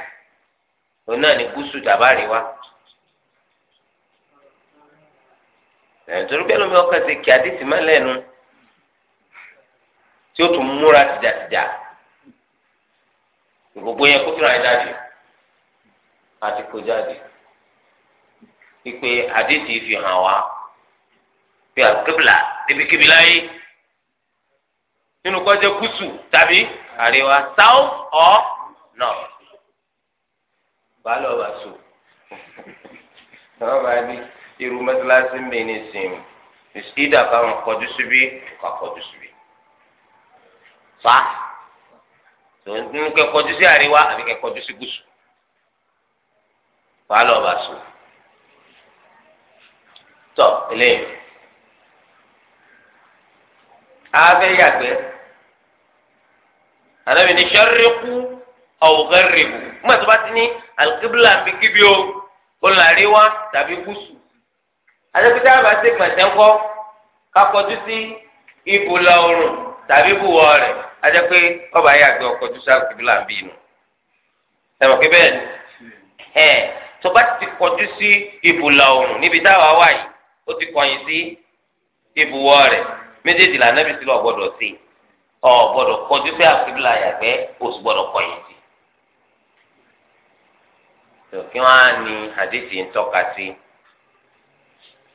òun náà ní gúúsù tàbí àríwá. nítorí bẹ́ẹ̀ lómi ọkàn ti kí àdìsí má lẹ́nu tí ó tún múra tìjàtìjà gbogbo yẹn kó tura yẹn jáde àti kó jáde pípé àdéhìí fi hàn wá pé àkébìlà débi kébìlà yìí nínú kọjá gúúsù tàbí àríwá south or north baálé ọba so ọba ní irú mẹsàlásì mi ní sìn ìdá kọjú síbí kọjú síbí fa. So, tó ń nu kẹkọjú sí àríwá àbí kẹkọjú sí gúúsù wàá lọ bá sùn tọ eléyìí abẹ yàgbẹ anabi ni sariku ọwọgẹrìbù mọ tó bá ti ní alikibula nbí kíbi o kọlọ àríwá tàbí gúúsù adébítà bá ṣe gbàdẹ́ńkọ́ kakọjú sí ibùlà oòrùn tàbí bùwọ rẹ̀ ajẹ́ pé ọba yà gbé ọkọ̀ jùsà kìbìlà ń bí inú ẹ̀rọ pé bẹ́ẹ̀ ni ẹ̀ tó bá ti kọjú sí ìbùlà oòrùn níbi táwa wà yìí ó ti kọ̀yìn sí ìbùwọ rẹ̀ méjèèjì là nẹ́bí sílẹ̀ ọ̀gbọ́dọ̀ sí ọ̀gbọ́dọ̀ kọjú sí àkìbìlà yàgbẹ́ oṣù gbọ́dọ̀ kọ̀yìn sí. kí wọ́n á ní àdéhìí ń tọ́ka sí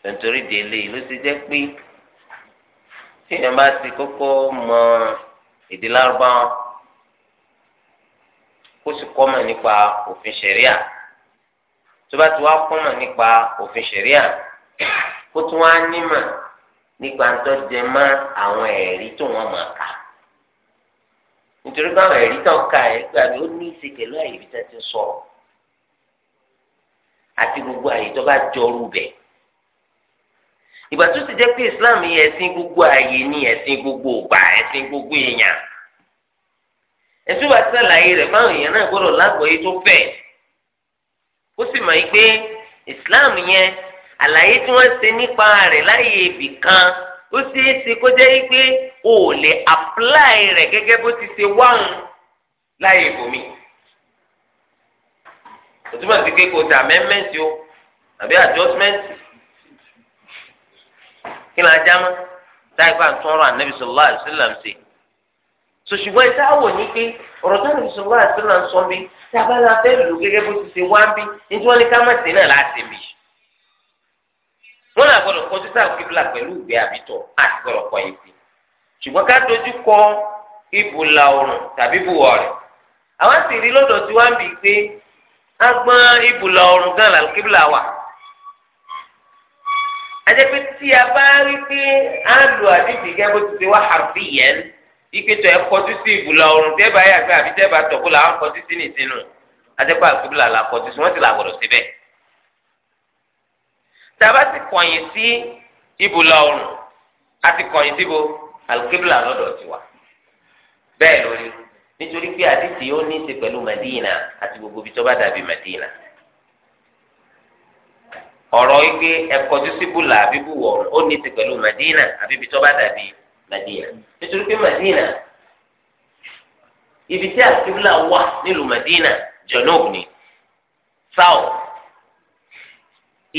nítorí délé ló ti jẹ́ pé tí yẹn bá ti kókó mọ èdè lárúbáwọn kó sì kọ́mọ̀ nípa òfin ṣẹ̀ríà tó bá ti wá kọ́mọ̀ nípa òfin ṣẹ̀ríà kó tún wá nímọ̀ nípa ń tọ́jú mọ́ àwọn ẹ̀rí tó wọ́n máa kà nítorí pé ẹ̀rí tó ka ẹ̀ gbàgbé ó ní ìṣe àyè ibi tó ti sọ̀rọ̀ àti gbogbo àyè tó bá jọrú bẹ́ẹ̀ ìgbà tó ti jẹ́ pé islam yẹ ẹ̀sìn gbogbo ààyè ni ẹ̀sìn gbogbo ògbà ẹ̀sìn gbogbo èèyàn ẹ̀sìn wa sàlàyé rẹ̀ fáwọn èèyàn náà gbọ́dọ̀ lágbọ̀ọ́yé tó fẹ̀ ó sì mọ̀ pé islam yẹn àlàyé tí wọ́n ṣe nípa rẹ̀ láyé ibì kan ó ṣeé ṣe kó jẹ́ pé o ò lè apply rẹ̀ gẹ́gẹ́ bó ti ṣe wáhùn láyé ibòmí òtúmọ̀ sí pé kò tà amendment o àbí adjustment kí ni ajá mọ́ dáìpá tún ọ̀rọ̀ ànábì sọlá àṣìlá ṣe sòṣùgbọ́n ìta wò ní pé ọ̀rọ̀ tó ànábì sọlá àṣìlá sọ bí tí a bá la fẹ́ lò gẹ́gẹ́ bó ti ṣe wá ń bí ní tí wọ́n ní ká má sí náà láti bì wọ́n náà gbọ́dọ̀ kọjú sáà kíbla pẹ̀lú ìgbé àbítọ̀ àti gbọ́dọ̀ kọ yìí sí ṣùgbọ́n ká dojú kọ ibùlà oòrùn tàbí ibùwọ̀ rẹ̀ àwọn sì rí lọ́dọ̀ tí wọ́n ń bì pé agbọ́n ibùlà oòrùn gan làlùkíbla wà adẹ́pẹ́ tí a bá rí pé a lo àdìsí gẹ́gẹ́ bó ti ṣe wá àrùbí yẹn ìpètò ẹ̀ kọjú sí ìbùlà ọ̀run tẹ́ bá yà pé àbí tẹ́ bá tọ̀kú là ń kọjú sí ní ìsinú adẹ́pẹ́ àkúbìlà là kọjú sí wọ́n ti là gbọ́dọ̀ síbẹ̀. tàbá ti kọ̀yìn sí ìbùlà ọ̀run a ti kọ̀yìn síbo àlùkébìlà lọ́dọ̀ tiwa bẹ́ẹ̀ lórí nítorí pé àdìsí ó ní í ṣe pẹ̀lú Madina àti gbogbo ibi tó bá dàbí Madina ọ̀rọ̀ wípé ẹ̀kọ́jú síbùlà àbí bùwọ̀ ó ní ti pẹ̀lú Madina àbí ibi tó bá dàbí Madina nítorí pé Madina ibi tí àtìbùlà wà nílùú Madina jọ̀nọ́b ni south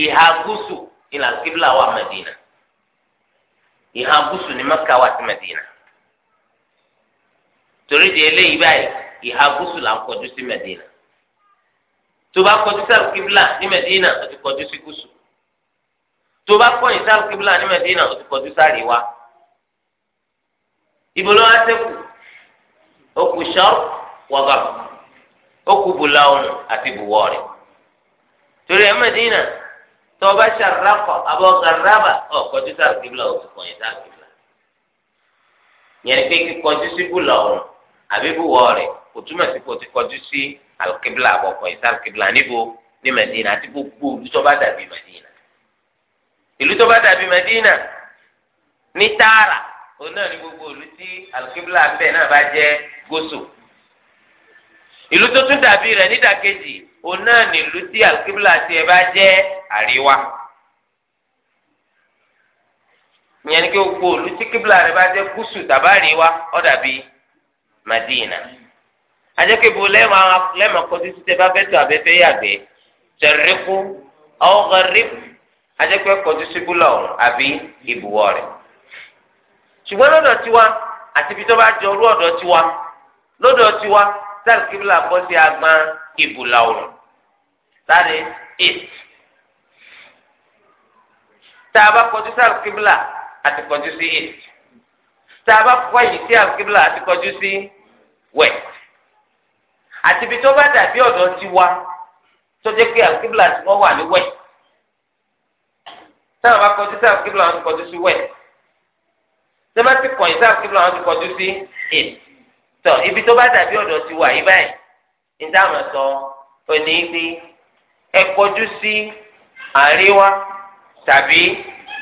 ìhà gúúsù ni àtìbùlà wà Madina ìhà gúúsù ni Mẹ́kà wà sí Madina torí di eléyìí báyìí ìhà gúúsù là ń kọjú sí Madina. Tuba bá kọjú sáà kíbla ní Medina ó ti kọjú sí gúúsù tó bá kọyìn sáà ní Medina ó ti kọjú sáà ríwá ibo ló wá sẹ́kù ó kù sharq wa gharb ó kù bùlọ́ọ̀n àti bùwọ́ọ̀rì torí ẹ Medina tó bá ṣàràkọ̀ àbọ̀ gàràbà ọ̀ kọjú sáà kíbla ti kọyìn sáà kíbla yẹn ni pé kíkọjú sí bùlọ́ọ̀n àbí bùwọ́ọ̀rì kò túmọ̀ sí kò ti kọjú sí alikibla àkọ́kọ́ yìí sàlkibla níbo ní Madina àti gbogbo ìlú tó bá dàbí Madina ìlú tó bá dàbí Madina ní tààrà òun náà ní gbogbo ìlú tí alikibla bẹ́ẹ̀ náà bá jẹ́ gosò ìlú tó tún dàbí rẹ̀ nídàkejì òun náà ní ìlú tí alikibla tiẹ̀ bá jẹ́ àríwá ìyẹn ni gbogbo ìlú tí kibla rẹ̀ bá jẹ́ gúsù tàbí àríwá ó dàbí Madina àjẹkẹ́bù lẹ́mọ̀ kọjú sí tẹ́fà bẹ́ẹ̀ tó abẹ́fẹ́ yàgbẹ́ tẹ̀ríkù ọ̀gáríkù àjẹkẹ́ kọjú sí búlọ̀ àbí ìbùwọ̀ rẹ̀. ṣùgbọ́n lọ́dọ̀ tiwa àti ibi tó bá jọ orú ọ̀dọ̀ tiwa lọ́dọ̀ tiwa sáà kíbla bọ́ sí agbọn ìbùlà òrùn láti east. tá a bá kọjú sáà kíbla àti kọjú sí east. tá a bá kọ́ yìí sí àkíbla àti kọjú sí west àti ibi tó bá dàbí ọ̀dọ̀ ti wa tó jẹ́ pé àkíbìlà tí wọ́n wà ní wẹ̀ sáà bá kọjú sí àkíbìlà wọn ti kọjú sí wẹ̀ tó bá ti kọ̀yìn sí àkíbìlà wọn ti kọjú sí èdè tọ ibi tó bá dàbí ọ̀dọ̀ ti wa yìí báyìí ní táwọn sọ òní pé ẹ kọjú sí àríwá tàbí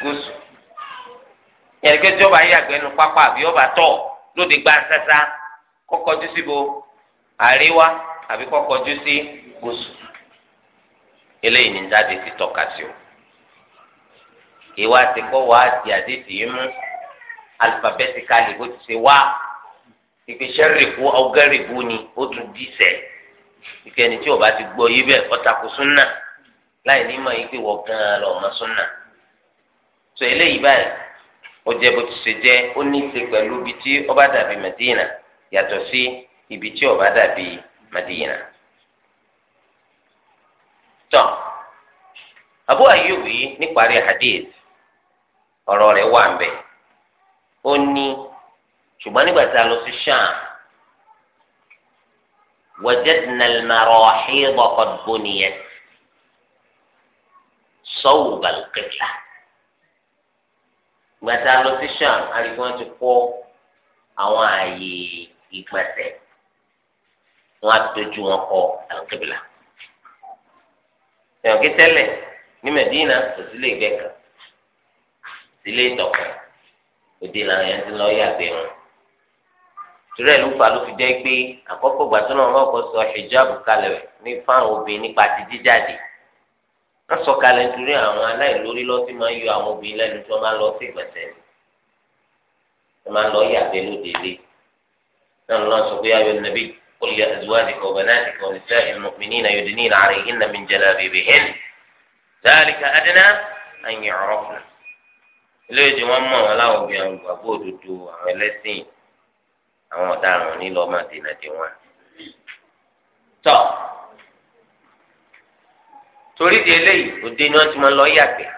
gúúsù yẹn kí ọjọ́ bá yàgbẹ́nu pápá àbí ọba tọ̀ lóde gbá sásá kọ́kọ́jú síbo àríwá àbí kó kọjú sí gúúsù eléyìí ní jáde ti tọ́ka sí o ìwà ti kọ́ wá di àdéhùn yìí mú alifabẹtikali bó ti ṣe wá ìgbésẹ̀ rìbú ọgẹ́rìbú ni ó tún dísẹ̀ ìkẹni tí o bá ti gbọ́ yìí bẹ́ẹ̀ ọ̀tàkù súnà láì ní mọ̀ yìí pé wọ́n gan-an lọ ọmọ súnà tó eléyìí báyìí ó jẹ́ bó ti ṣe jẹ́ ó ní í ṣe pẹ̀lú ibi tí ọba dàbí Mẹdínà yàtọ̀ sí ibi tí ó bá dàbí Madina tọ Abu Ayyub yìí níparí hadith ọ̀rọ̀ rẹ̀ wà mbẹ̀ ó ní ṣùgbọ́n nígbà tá a lọ sí Sham wajadna al-marahid qad buniyat sawba gbàtà lọ sí Sham àríwá ti kọ́ àwọn ààyè ìgbàsẹ̀ wọn á dojú wọn kọ àlùkébìlà èèyàn kí tẹ́lẹ̀ ní Mẹdínà kò sí lè gbẹ kan sí lè tọkàn òde làwọn yẹn ti lọ yàgbẹ́ wọn torí ẹ̀ ló fà ló fi jẹ́ pé àkọ́kọ́ gbàtọ wọn kò sọ hijab kalẹ̀ ní fáwọn obìnrin nípa ti jíjáde wọn sọ kalẹ̀ nítorí àwọn aláìlórí lọsí máa ń yọ àwọn obìnrin lẹ́nu tí wọn máa lọ sí ìgbọ̀nsẹ̀ ni wọn máa lọ yàgbẹ́ lóde ilé náà lọ sọ pé ayọ nàbí. قل لأزواجك وبناتك ونساء المؤمنين يدنين عليهن من جلابيبهن ذلك أدنى أن يعرفن ilé ju wọn mọ wọn láwọn obìnrin àwọn ìgbàgbọ́ òdodo àwọn ẹlẹ́sìn àwọn ọ̀daràn nílò ọmọ àdènà dé wọn. tọ torí di eléyìí òde ni wọn ti máa lọ yàgbẹ́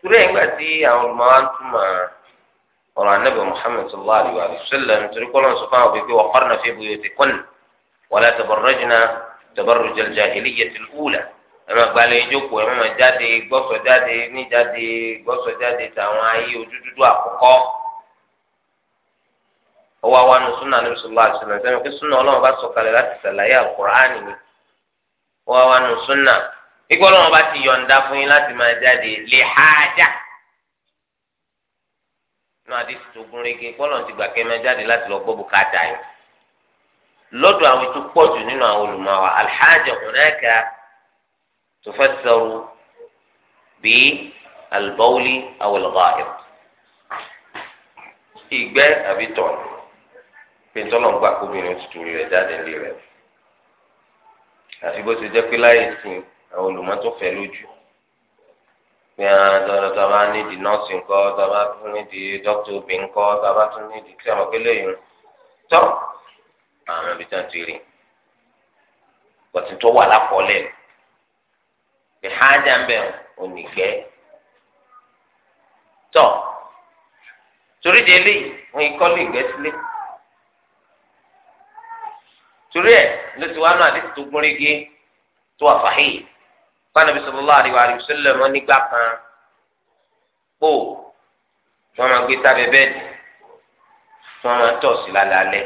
torí ẹgbà tí àwọn olùmọ̀ ń túmọ̀ ọ̀rọ̀ anábẹ Muhammad sallallahu alayhi wa sallam nítorí kọlọn sọ fún àwọn bíbí wọn kọrin náà fi bu ti kọ́ni wala tabarrajna tabarruj al-jahiliyyati al-ula ẹ máa gbalẹ̀ ìjókòó ẹ máa jáde gbọ́sọ̀ jáde níjáde gbọ́sọ̀ jáde tàwọn ayé ojú dúdú àkọ́kọ́ ọwọ́ àwọn sunna ní bisimilá àṣìlẹ̀ sẹ́yìn pé sunna ọlọ́run bá sọ̀kalẹ̀ láti sàlàyé àkùránì ni ọwọ́ àwọn sunna ìgbọ́ ọlọ́run bá ti yọ̀ǹda fún yín láti máa jáde lè hájà náà àdìsí tó gún régé ìgbọ́ ọlọ́run ti gbà kẹ́ máa jáde láti lọ gbọ́ bùkátà yìí lọ́dọ̀ àwọn ètò pọ̀jù nínú àwọn olùmọ̀wà alhaja hunaka tufassaru bí albawli awolgahir ìgbẹ́ àbí tọ̀ pẹ̀ntọ́lọ̀ ń gbà kóbìnrin tutù rẹ̀ jáde lé rẹ̀ àfi bó ti jẹ́ pé láyé sìn àwọn olùmọ̀tò fẹ́ lójú pé àwọn tọ́ba nídìí nọ́ọ̀sì ńkọ́ tọ́ba tún nídìí dókítà obìnrin ńkọ́ tọ́ba tún nídìí tí a mọ̀ pé àwọn ibi tí wọn ti rí bọtí tó wà lápọlẹ bí hájà ń bẹ onígbẹ tọ torí délé wọn ikọ́ lè gbẹ sílé torí ẹ ló ti wá náà àti tó gúnrégé tó wà fàáyé fanabi sallallahu alaihi wa alihi wọn nígbà kan kpó wọn máa gbé tábẹ bẹ́ẹ̀dì wọn máa tọ̀ sí lálẹ́ alẹ́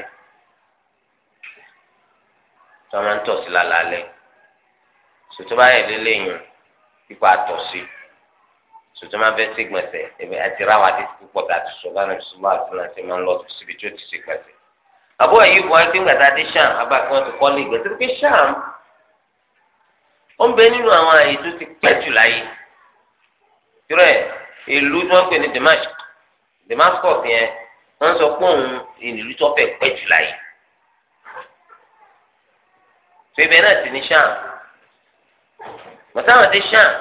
tí wọn máa ń tọ̀sí lálálẹ́ sòtò bá yẹ lélẹ́yìn ipa àtọ̀sí sòtò máa fẹ́ sígbẹ̀sẹ̀ ẹ̀mí àti ráwà dé púpọ̀ dàtú sọ̀rọ̀ àti sọ̀rọ̀ àti náà ti máa ń lọ síbi tí ó ti sígbẹ̀sẹ̀. àbú ẹ̀yí wọ ẹgbẹ́ ńgbàdá dé sàn abá kí wọ́n ti kọ́ lé ìgbẹ́sẹ̀ pé sàn ó ń bẹ nínú àwọn àyè tó ti pẹ́ jù láyé tìrẹ̀ ìlú tí wọ́n pè ní Damascus yẹn wọ́n sọ pé òun ìlú tó fẹ́ pẹ́ jù láyé bẹ́ẹ̀ náà sì ní Ṣáàmù mọ̀táwọn ti Ṣáàmù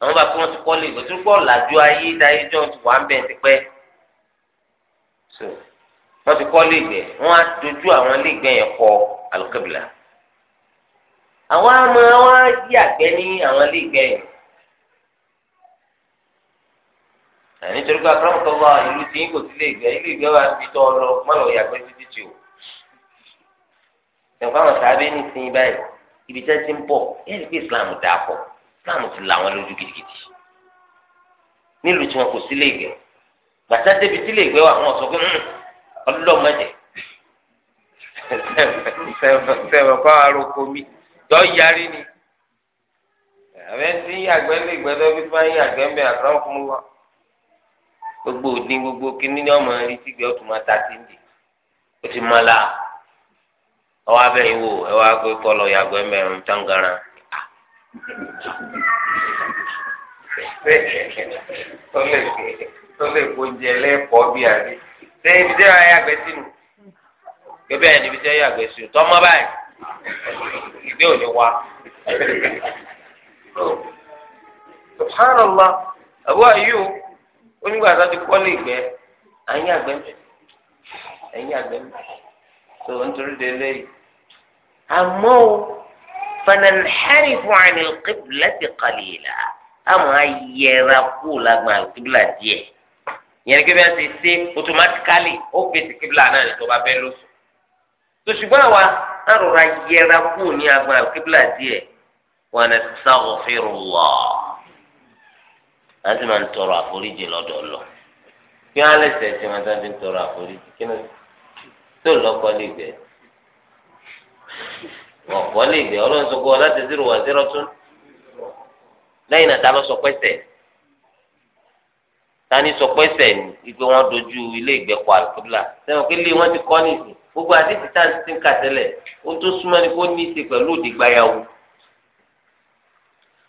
àwọn bá kí wọ́n ti kọ́lé ìgbà tó gbọ́ làjú ayé dáyé jọ́ ti wà ń bẹ̀ ti pẹ́ so wọ́n ti kọ́lé ìgbẹ́ wọ́n á dojú àwọn ilé ìgbẹ́ yẹn kọ alùkẹ́bìlà àwọn àmọ́ wọn á yí àgbẹ́ ní àwọn ilé ìgbẹ́ yẹn nítorí pé akọ́rọ́mọkọ́ wa ìlú ti ń kò sí ilé ìgbẹ́ ilé ìgbẹ́ wa ti tọ́ ọ lọ mọ́lọ̀ yàgbẹ́ títí tì o ẹ̀kọ́ àwọn sábẹ́ ní sin báyìí ibi tẹ́ ti ń bọ̀ yẹ́nì pé islam dáa pọ̀ islam ti là wọn lójú gidigidi nílùú tí wọn kò sílé ìgbẹ́ gbàtà débi sílé ìgbẹ́ wà wọn sọ pé hmm, ọlọ́mọdé sẹ̀wọ̀n kọ́ aróko mi tọ́ yarí ni àbẹ́ tí àgbẹ̀ lè gbẹ́dọ́ bí fún ayé àgbẹ̀ ń bẹ fún wa gbogbo òdin gbogbo kínní ni ọmọ rí tí gbẹ́ ó máa ta sí ń dì ó ti máa la. ọwọ́ abẹ́ yìí wò ẹ wá yàgò mẹ́rin tangara. tó lè lẹ́kọ̀ọ́ bí àdé ṣé ibi tẹ́ ẹ yàgbẹ́ sínú gbẹ́bẹ́ ẹ̀ níbi tẹ́ ẹ yàgbẹ́ sínú tọ́mọ báyìí ìgbé òní wa. subhanallah àbúrò ayé o onígbà tó ti kọ́ lè gbẹ ẹ̀yin àgbẹ̀ ẹ̀yin àgbẹ̀ tó ń torí de àmọ́ o fananharifu anil qiblati qalila àmọ́ ayẹra kú lágbọn alqibla díẹ̀ yẹn kí wọ́n ti ṣe automatically ó fèsì qibla náà ní tó bá fẹ́ lóṣù tó ṣùgbọ́n àwa àròrà yẹra kú ní agbọn alqibla díẹ̀ wa nastaghfirullah láti máa ń tọrọ àforíjì lọ́dọ̀ lọ kí wọ́n á lè ṣẹ̀ṣẹ̀ wọn tó tọrọ àforíjì kí wọ́n tó lọ́kọ́ lè bẹ̀rẹ̀ wọn kọ́ lè gbé ọlọ́run sọ́kọ́ láti zero wà zero tún lẹ́yìn náà ta ló sọ pẹ́sẹ̀ tani sọ pẹ́sẹ̀ ni ìgbé wọn dojú ilé ìgbẹ́kọ̀ àlùkùbílà sẹ́wọ̀n kí lé wọn ti kọ́ nìyí gbogbo àdìsí tá a ti ń kà tẹ́lẹ̀ ó tó súnmọ́ ni kó ní í ṣe pẹ̀lú òdìgbàyàwó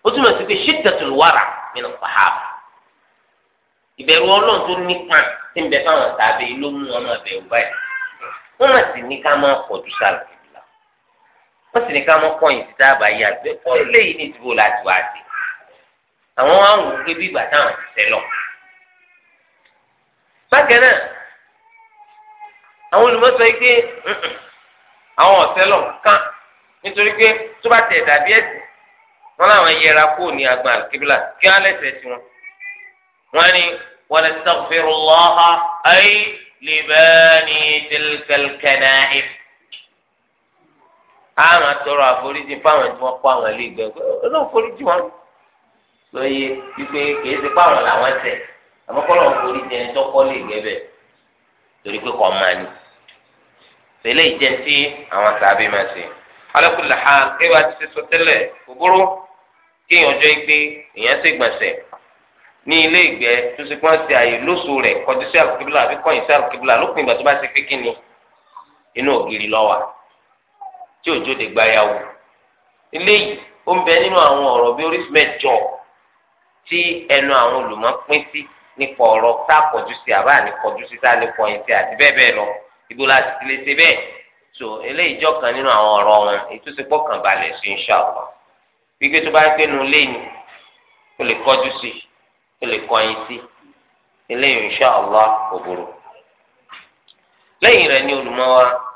ó túmọ̀ sí pé ṣídàtul wàrà nínú pàhàbà ìbẹ̀rù ọlọ́run tó nípa ti ń bẹ fáwọn tàbí ló mú ọmọ ìbẹ̀rù báyìí wọ́n mà sì ní ká máa pọ̀ jù sálọ wọ́n sì ní ká mọ́ pọ́yìn sí táàbà yìí àgbẹ̀ kọ́ eléyìí ní ìdìbò láti wá sí àwọn wá wò ó pé bí ìgbà táwọn ti sẹ́ lọ. bákan náà àwọn olùmọ̀sọ yìí pé àwọn ọ̀sẹ́ lọ kán nítorí pé tó bá tẹ̀ dàbí ẹ̀sìn wọn làwọn yẹra kó ní agbọn àkébílà kí wọn lẹ́sẹ̀ sí wọn. wọn ni wọn lè sọ lọ́ha ayé lè bẹ́ẹ̀ ní tẹlifẹ̀lì kẹ́nà ẹ̀fọ́ a máa tọrọ àforíjì fáwọn tí wọ́n kó àwọn ilé ìgbẹ́ ọlọ́run foríjì wọn lóye wípé kìí ṣe fáwọn làwọn ṣẹ̀ àmọ́ kọ́ lọ́run foríjì ẹni tó kọ́ lè gẹ́ bẹ̀ torí pé kọ́ máa ní tẹ́lẹ̀ ìjẹ́ tí àwọn sàbí máa ṣe alákùnrin làhá ẹwà ti ṣe sọ tẹ́lẹ̀ òbúrú kéèyàn jọ pé èèyàn ṣe gbọ̀nsẹ̀ ní ilé ìgbẹ́ tó ṣe pọ́n ti àyè lóṣù rẹ̀ kọjú sí àlùkíbùlà àbí kọ́yìn sí àlùkíbùlà lópin ìgbà tó bá ṣe pé kíni inú ògiri lọ́wọ́ tí òjò lè gba yàwó eléyìí ó ń bẹ nínú àwọn ọ̀rọ̀ bí orísun mẹ́jọ tí ẹnu àwọn olùmọ̀ pín sí nípa ọ̀rọ̀ tá a kọjú sí àbá ní kọjú sí tá a lè kọyìn sí àti bẹ́ẹ̀ bẹ́ẹ̀ lọ ibo la ti lè ṣe bẹ́ẹ̀ tó eléyìí jọ kan nínú àwọn ọ̀rọ̀ wọn ìtúsípọ̀ kan balẹ̀ sí inṣàlá wípé tó bá ń pẹ́ nu léyìn ó lè kọjú sí ó lè kọyìn sí eléyìí inṣàlá òbòrò lẹ́yìn rẹ̀ ni olùmọ̀ wa.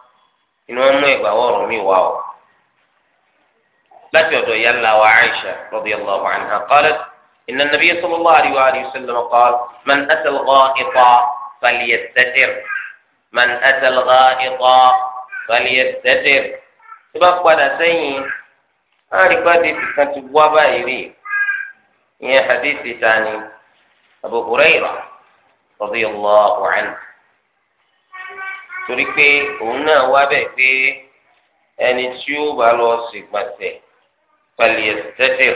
inú wọn mú ìgbà wọrọ mi wá o láti ọ̀dọ̀ yàrá wa Aisha rọbì radiyallahu anha qalat inna nabiyya sallallahu alayhi wa alihi wa sallam kọ man ata al-gha'ita falyastatir man ata al-gha'ita falyastatir tó bá padà sẹ́yìn àríkàdé ti kan ti wá báyìí rí ìyẹn hadith tani Abu Hurairah wa anhu. torí pé òun náà wá bẹ̀ pé ẹni tí ó bá lọ sìgbàtẹ̀ pẹ̀lú ẹ̀sítẹ́tìr.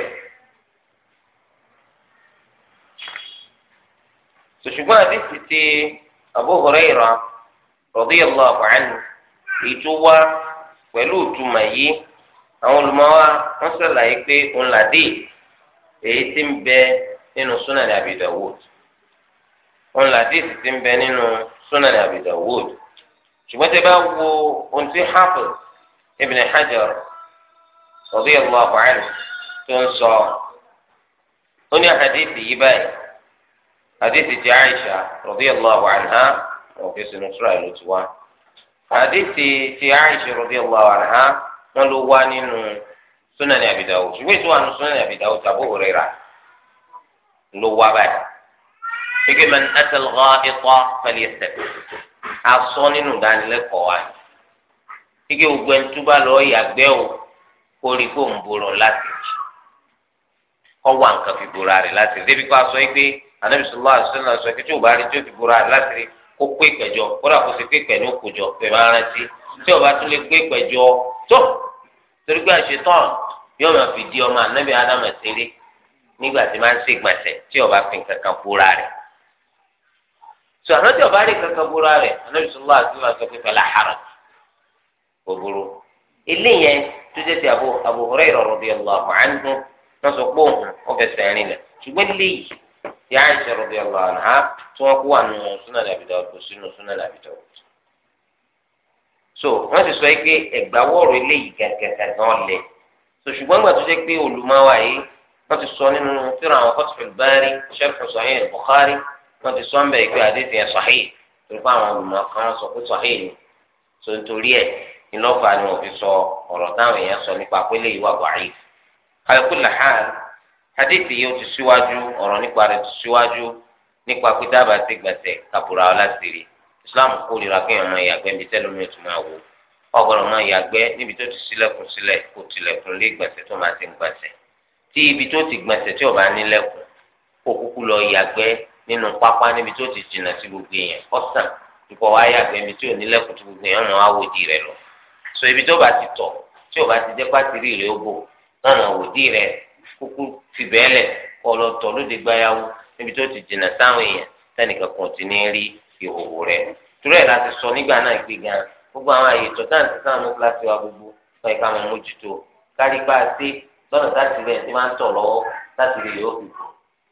ṣùgbọ́n àdìsí ti Abu Hurairah radiyallahu anhu ètò wá pẹ̀lú ìtumọ̀ yìí àwọn olùmọ̀wá wọ́n ṣàlàyé pé òun làdé èyí tí ń bẹ nínú Sunan Abi Dawud òun làdé sì ti ń bẹ nínú Sunan Abi Dawud ṣùgbọ́n tẹ bá wo ohun tí Hafiz Ibn Hajar radiyallahu anhu tó ń sọ ó ní àdéhìí yí báyìí àdéhìí ti Aisha radiyallahu anha òfin sinú sùrà ló ti wá àdéhìí ti Aisha radiyallahu anha wọn ló wá nínú Sunan Abi ṣùgbọ́n ìtura nínú Sunan Abi Dawud tàbí Hurairah ló wá báyìí ike man atal gha'ita falyastatir asọ nínú ìdánilẹ́kọ̀ọ́ wa ike gbogbo ẹni tó bá lọ yàgbẹ́ o kó rí kó ń borò láti jì kọ́ wà nǹkan fi borò rẹ̀ láti rí kó aṣọ yìí pé anabi sọlá àṣìṣẹ́nà kí tí o bá rí tí o fi borò rẹ̀ láti rí kó pé ìpẹ́jọ kódà kó ṣe pé ìpẹ́ ní òkòjọ pẹ̀ máa rántí tí o bá tún lè pé ìpẹ́jọ tó torí pé àṣetán yóò máa fi di ọmọ anabi adama ṣeré nígbà tí máa ń ṣègbàṣẹ tí o bá fi nǹkan kan borò rẹ̀ sọ àná tí ọba rí kankan búra rẹ̀ anábì sọlá àti ìlànà sọ pé fẹlẹ àhàrà kò burú eléyẹn tó jẹ́ ti Abu Abu Hurairah radiyallahu anhu náà sọ pé òun ó fẹsẹ̀ rìn lẹ̀ ṣùgbọ́n eléyìí ti Aisha radiyallahu anha tí wọ́n kó wà nínú súnà dàbídà ọ̀tún sínú súnà dàbídà ọ̀tún. so wọ́n sì sọ pé ẹ̀gbáwọ́rọ̀ eléyìí gàgàgà náà lẹ̀ so ṣùgbọ́n gbà tó jẹ́ pé olùmọ̀wá yìí wọ́n ti sọ nínú fíra àwọn Fathul wọ́n ti sọ mbẹ́ ìpè àdéhùn yẹn sahih torí pé àwọn olùmọ̀ kan sọ pé sahih ni tó ń torí ẹ̀ ńlọ́fà ni wọ́n fi sọ ọ̀rọ̀ táwọn èèyàn sọ nípa pélé ìwà wàhálì. àyọkùnlé ha àdéhùn yìí ó ti síwájú ọ̀rọ̀ nípa rẹ̀ ti síwájú nípa pé dábàá ti gbẹ̀sẹ̀ kàbùrà ọ̀la sì rí Islam kórìíra kí ọmọ ìyàgbẹ́ níbi tẹ́lómi ò tún máa wò máa yàgbẹ́ níbi tó ti sílẹ̀kùn sílẹ̀ kò tilẹ̀kùn lé gbẹ̀sẹ̀ tó máa ti gbẹ̀sẹ̀ tí ibi tó ti gbẹ̀sẹ̀ tí ò bá nílẹ̀kùn kó kúkú lọ yàgbẹ́ nínú pápá níbi tí ó ti jìnnà sí gbogbo èèyàn ọ̀sán dùpọ̀ wáyé àgbẹ̀ níbi tí ò nílẹ̀kùn tí gbogbo èèyàn máa wò di rẹ̀ lọ. sọ ibi tó bá ti tọ̀ tí ò bá ti jẹ́ pàtìrì rẹ̀ ó bò náà máa wò di rẹ̀ kúkú fi bẹ́ẹ̀ lẹ̀ kọ́ lọ tọ̀ lóde gbáyàwó níbi tó ti jìnnà sáwọn èèyàn tẹ́nìkan kan ti ní rí ìhòòhò rẹ̀. turẹ̀ láti sọ nígbà náà gbé gan gbogbo àwọn àyè ìtọ́ táǹtì sáwọn kíláàsì wa gbogbo fún ẹ̀ka àwọn mójútó kárí bá a sí lọ́nà láti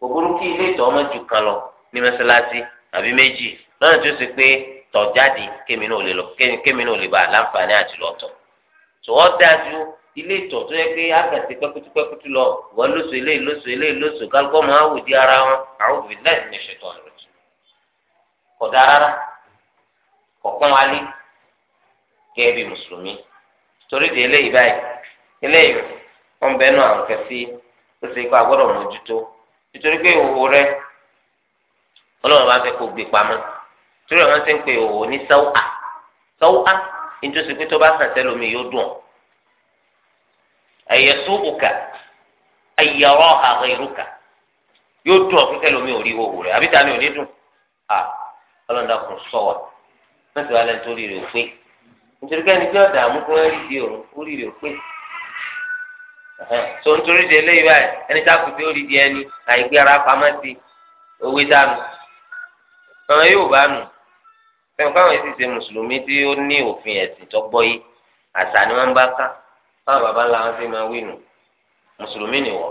òbúrú kí ilé ìtọ̀ ọmọ jù kan lọ ní mẹsàlásì àbí méjì lọ́nà tó ṣe pé tọ̀ jáde kémi náà ò lè lọ kémi náà ò lè bá a láǹfààní àti lọ́tọ̀ tó wọ́n dájú ilé ìtọ̀ tó yẹ pé àgàtì pẹ́kútúpẹ́kútú lọ wọ́n lóṣù ilé ìlóṣù ilé ìlóṣù kálukọ́ máa wò di ara wọn àwọn òbí náà ní ṣètò ọ̀rọ̀ jù kọ̀dá rárá kọ̀ọ̀kan wálé gẹ́gẹ́ bí mùsùlùmí torí di eléyìí báyìí eléyìí wọ́n bẹ́ẹ̀ nù àwọn kẹsí ó ṣe kó agbọ́dọ̀ mójútó nítorí pé ìhòhò rẹ ọlọ́run bá fẹ́ kó gbé pamọ́ torí àwọn ti ń pe ìhòhò ní sáwùá sáwùá nítorí pé tó bá sàn sẹ́lómi yóò dùn ọ́ ẹ̀yẹ̀só òkà ẹ̀yẹ̀rọ̀ àrẹ ìrúkà yóò dùn ọ́ kíkẹ́ lómi ò rí ìhòhò rẹ àbí tani ò ní dùn à ọlọ́run dàkún sọ wa mẹ́sàn-án lẹ́nu tó rí rè ó pé nítorí pé ẹni tí ọ̀dà àmúkúrẹ́ rí di òun ó rí rè ó pé tó ń torí de eléyìí báyìí ẹni tá a kù tí ó rí di ẹni àìgbé ara pamọ́ sí owó dànù àwọn yóò bá nù fẹ́ẹ̀ káwọn sì ṣe mùsùlùmí tí ó ní òfin ẹ̀sìn tó gbọ́ yìí àṣà ni wọ́n bá ká báwọn bàbá ńlá wọn fi máa wí nù mùsùlùmí nìwọ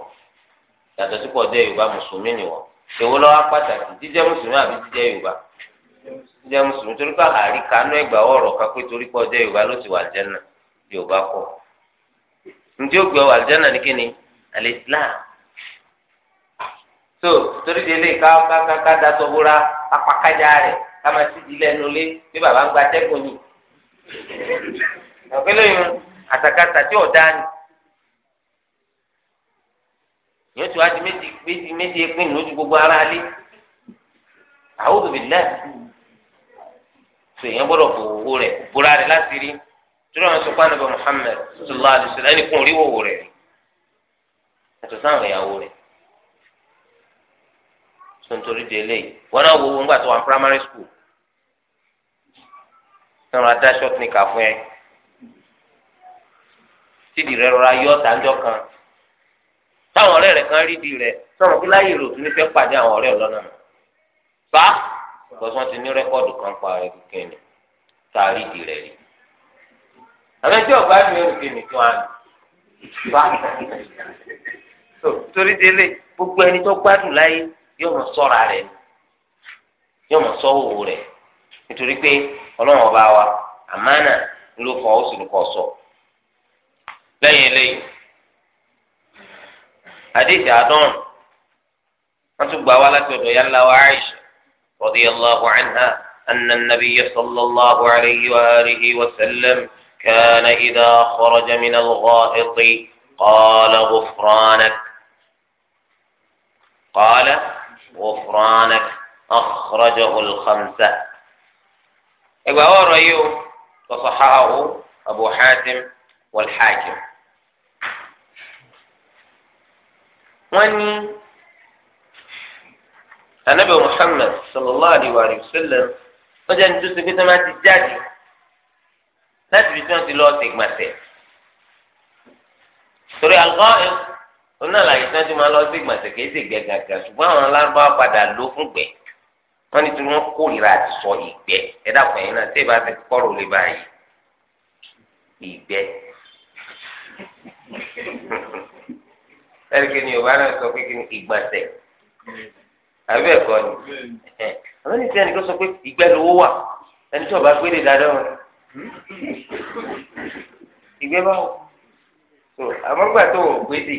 yàtọ̀ sí pọ̀ jẹ́ yorùbá mùsùlùmí nìwọ èwo lọ́wọ́ pàtàkì jíjẹ́ mùsùlùmí àbí jíjẹ́ yorùbá jíjẹ́ mùsùlùmí torí pé àárí kanú ẹgbàá ọ̀rọ̀ ká pé torí pọ̀ jẹ́ yorùbá ló ti wà jẹ́ náà yorùbá kọ̀ njẹ́ ó gbé ọ àlùjáná ní kíni àlìsílám tó torí délé kákákáká dasọ bóra apákájá rẹ káma sídìí lẹ́nu lé bí bàbá ń gba tẹ́gùn ni ọ̀pẹ́lẹ́ yìí àtàkàtà tí ọ̀dá ni yóò tún adi méjì méjì méjì pín lójú gbogbo ara lé àwọn òbí lẹ́ẹ̀ tó èèyàn gbọ́dọ̀ fò owó rẹ̀ bóra rẹ̀ láti rí turu àwọn sọpá nàbẹ Muhammad sallallahu alayhi wa sallam ẹnìkan orí wòwò rẹ ẹtọ sáwọn ìyàwó rẹ sontori de eléyìí wọn náà wo wọn gbà tó wà primary school sọ̀rọ̀ adá short ní kàfún ẹ sídìí rẹ rọra yọ ọ̀tàjọ́ kan táwọn ọ̀rẹ́ rẹ kan rí di rẹ sọ̀rọ̀ kí láyé rò tún ní fẹ́ pàdé àwọn ọ̀rẹ́ ọlọ́nà fa bọ́sí ti ní rẹ́kọ́ọ̀dù kan pa ẹ̀ tá a rí di rẹ rí àmọ́ tí ọ̀gá mi ò gbé nìkan wà ní bá tó torí délé gbogbo ẹni tó gbádùn láyé yóò mọ sọ́ra rẹ̀ yóò mọ sọ òwò rẹ̀ nítorí pé ọlọ́run ọba wa àmánà ló kọ́ ó sì ló kọ́ sọ lẹ́yìn eléyìí àdéhìí àdán wọ́n tún gbà wá láti ọ̀dọ̀ yálà wa Aisha radiyallahu anha anna nabiyya sallallahu alayhi wa alihi wa sallam. كان إذا خرج من الغائط قال غفرانك قال غفرانك أخرجه الخمسة إبقى رأيه وصححه أبو حاتم والحاكم وأني النبي محمد صلى الله عليه وسلم وجن في ما تجاتي láti fi tí wọ́n ti lọ ṣègbàtẹ̀ torí àgọ́ onílàyé tí wọ́n ti máa lọ ṣègbàtẹ̀ kì í ṣègbẹ́ gàgà ṣùgbọ́n àwọn alárúbáwá padà ló fún gbẹ̀ wọ́n ní tí wọ́n kórìíra àti sọ ìgbẹ́ ẹ dàpọ̀ yẹn náà tẹ́ẹ̀ bá ti kọ́rọ̀ lé báyìí ìgbẹ́ ẹ̀ríkẹ́ ni yorùbá náà sọ pé kí ni ìgbàtẹ̀ àbí ẹ̀kọ́ ni àwọn ènìyàn kan sọ pé ìgbẹ́ lówó wà ẹni tí ọba gbére dáadáa wọn. ìgbé báwo tó àmọ́gbà tó wọ̀ gbèdè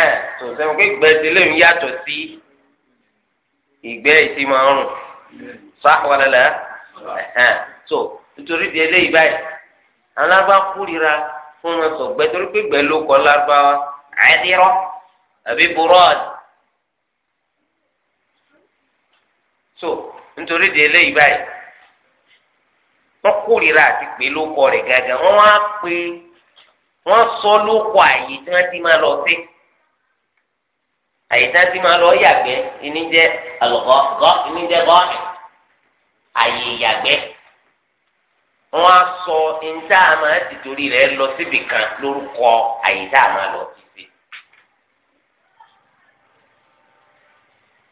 ẹ̀ tó sẹ́wọ́n pé gbẹ̀dẹ̀ lè ń yàtọ̀ sí ìgbẹ́ ìtì máa ń rùn sáwàlálà nítorí di eléyìí báyìí alábà kúrira fún wọn sọ gbẹ torí pé gbẹ ló kọ lárúbáwá àdírọ àbí búrọ́ọ̀dì So nítorí di eléyìí báyìí. wọ́n kórìíra àti pé lóko rẹ̀ gàgà wọ́n wá pé wọ́n sọ lóko àyè tí wọ́n ti máa lọ sí àyè tí wọ́n ti máa lọ yàgbẹ́ ìníjẹ́ àlọ́gọ́ gọ́ ìníjẹ́ gọ́ọ̀mì àyè ìyàgbẹ́ wọ́n á sọ níta máa ti torí rẹ̀ lọ síbi kan lórúkọ àyè tá a lọ sí sí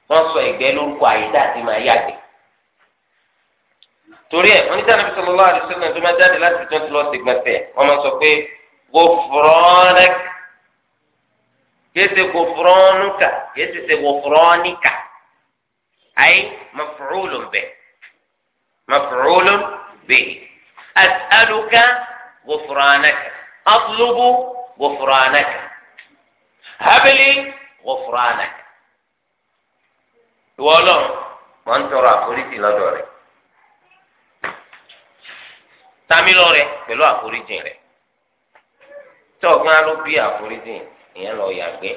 wọ́n sọ ìgbẹ́ lórúkọ àyè tá a máa yàgbẹ́. torí ɛ wọn ní sànà bisalọ lọ àdìsí náà tó máa jáde láti tó ń lọ sígbàtẹ wọn máa sọ pé gòfurọ́nẹ́k kéésì gòfurọ́nùkà kéésì sẹ gòfurọ́nìkà ayé mafurulù bẹ mafurulù bẹ asaluka gòfurọ́nẹ́k atlubu gòfurọ́nẹ́k habili gòfurọ́nẹ́k ìwọ lọ wọn tọrọ àforíjì lọ́dọ̀ rẹ̀. sami lọ rẹ pẹ̀lú àforíjìn rẹ tọgbọn alo bí àforíjìn ìyẹn lọ yàgbẹ́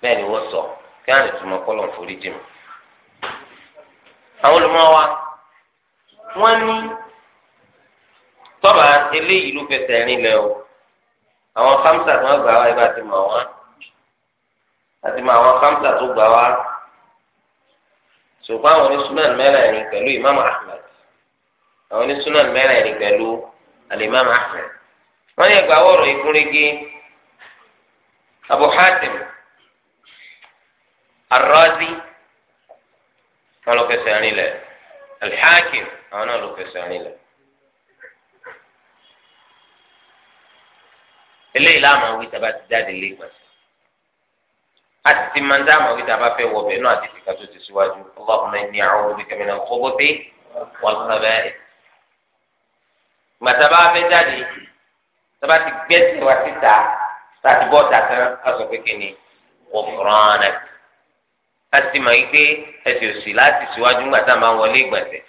bẹ́ẹ̀ ni wọ́n sọ kí á lè túmọ̀ kọlọ àforíjìn mi àwọn olùmọ̀ wa wọ́n ní tọba eléyìí ló fẹsẹ̀ rìn lẹ o àwọn kamsa tí wọ́n gbà wá ibà ti mọ̀ wọ́n àti mọ̀ àwọn kamsa tó gbà wá ṣùgbọ́n àwọn onísùnmọ̀ mẹ́rẹ̀ẹ̀rin pẹ̀lú ìmáàmù Ahmad àwọn onísúná mẹ́rin ni pẹ̀lú alimami ahmed wọ́n yẹ gbà wọ́ọ̀rọ̀ ìkúnrégé abu hatim arrazi wọ́n lọ fẹsẹ̀ rìn lẹ̀ alhakim àwọn náà lọ fẹsẹ̀ rìn lẹ̀. eléyìí láàmú àwọn ìjàmbá ti jáde lẹ́gbẹ̀ẹ́ àti ti àwọn ìjàmbá fẹ́ wọ̀ bẹ́ẹ̀ náà àti ìfìkà ti síwájú ọlọ́run ẹni àwọn olùkẹ́mi náà kọ́bọ́tì wọ́n sábẹ́ ẹ̀ gbàtàbà fẹ́ jáde tàbá ti gbẹ́sẹ̀ wá síta tàbí bọ́ọ̀tà tán aṣọ kékeré kò fúnrán náà a ti mọ̀ yìí pé ẹsẹ̀ òsì láti síwájú gbàtà máa ń wọlé ìgbọ̀nsẹ̀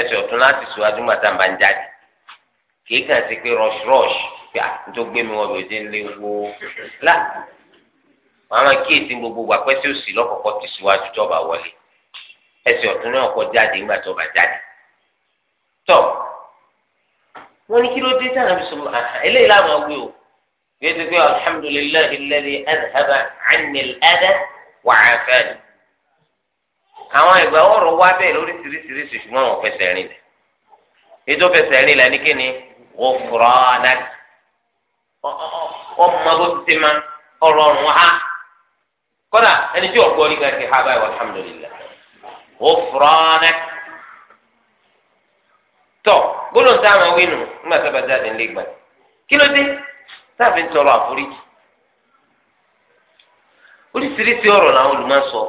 ẹsẹ̀ ọ̀tún láti síwájú gbàtà máa ń jáde kì í kàn sí pé rush rush gbà tó gbé mi wọ bèjì ń lé wo là wọ́n máa kíyèsí gbogbo wà pẹ́sẹ̀ òsì lọ́kọ̀ọ́kọ́ ti síwájú tó bá wọlé ẹsẹ̀ ọ̀tún náà kọ́ jáde ńgbà tó bá jáde tọ́ wọ́n ní kí ló dé tàn àbí sọ̀rọ̀ àhà eléyìí láwọn wí o yóò ti pé alhamdulillahi alladhi adhaba anni al-adha wa afani. àwọn ìgbà ọ̀rọ̀ wá bẹ́ẹ̀ lórí ṣiríṣiríṣi ṣùgbọ́n wọn fẹsẹ̀ rìn lẹ̀ ètò fẹsẹ̀ rìn lẹ̀ ní kíni ghufranak ọmọ bó ti ti ma ọ̀rọ̀ ọ̀rùn ha kódà ẹni tí ọ̀gbọ́n ní ká ti ha báyìí alhamdulillahi ghufranak. tọ gbólóhùn táwọn wínú nígbà tó bá jáde ńlẹ gbà kí ló dé sáàfin tọrọ àforíjì oríṣiríṣi ọrọ làwọn olùmọ̀ sọ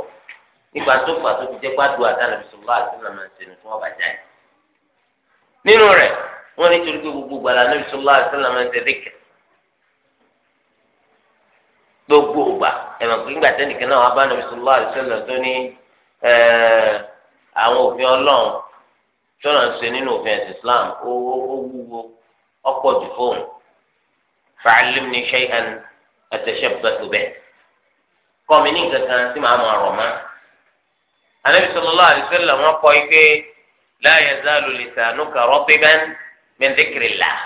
nígbà tó fà tó fi jẹ gbàdúrà dáná fi àti nàmà ọba jáde nínú wọn ní torí pé gbogbo gbàlà nàbì sọgbà àti nàmà kẹ gbogbo ògbà ẹ̀mọ̀ pé nígbà tẹ́nìkan náà wọn tó ní àwọn tọ́nà ń ṣe nínú òfin ẹ̀sìn Islam ó wúwo ọ̀pọ̀ jù fóun fa'allimni shay'an atashabbahu bihi kọ́ mi ní kankan tí màá máa rọ̀ mọ́. Ànábì sallallahu alaihi wọ́n kọ́ ike la yazalu lisanuka ratban min dhikrillah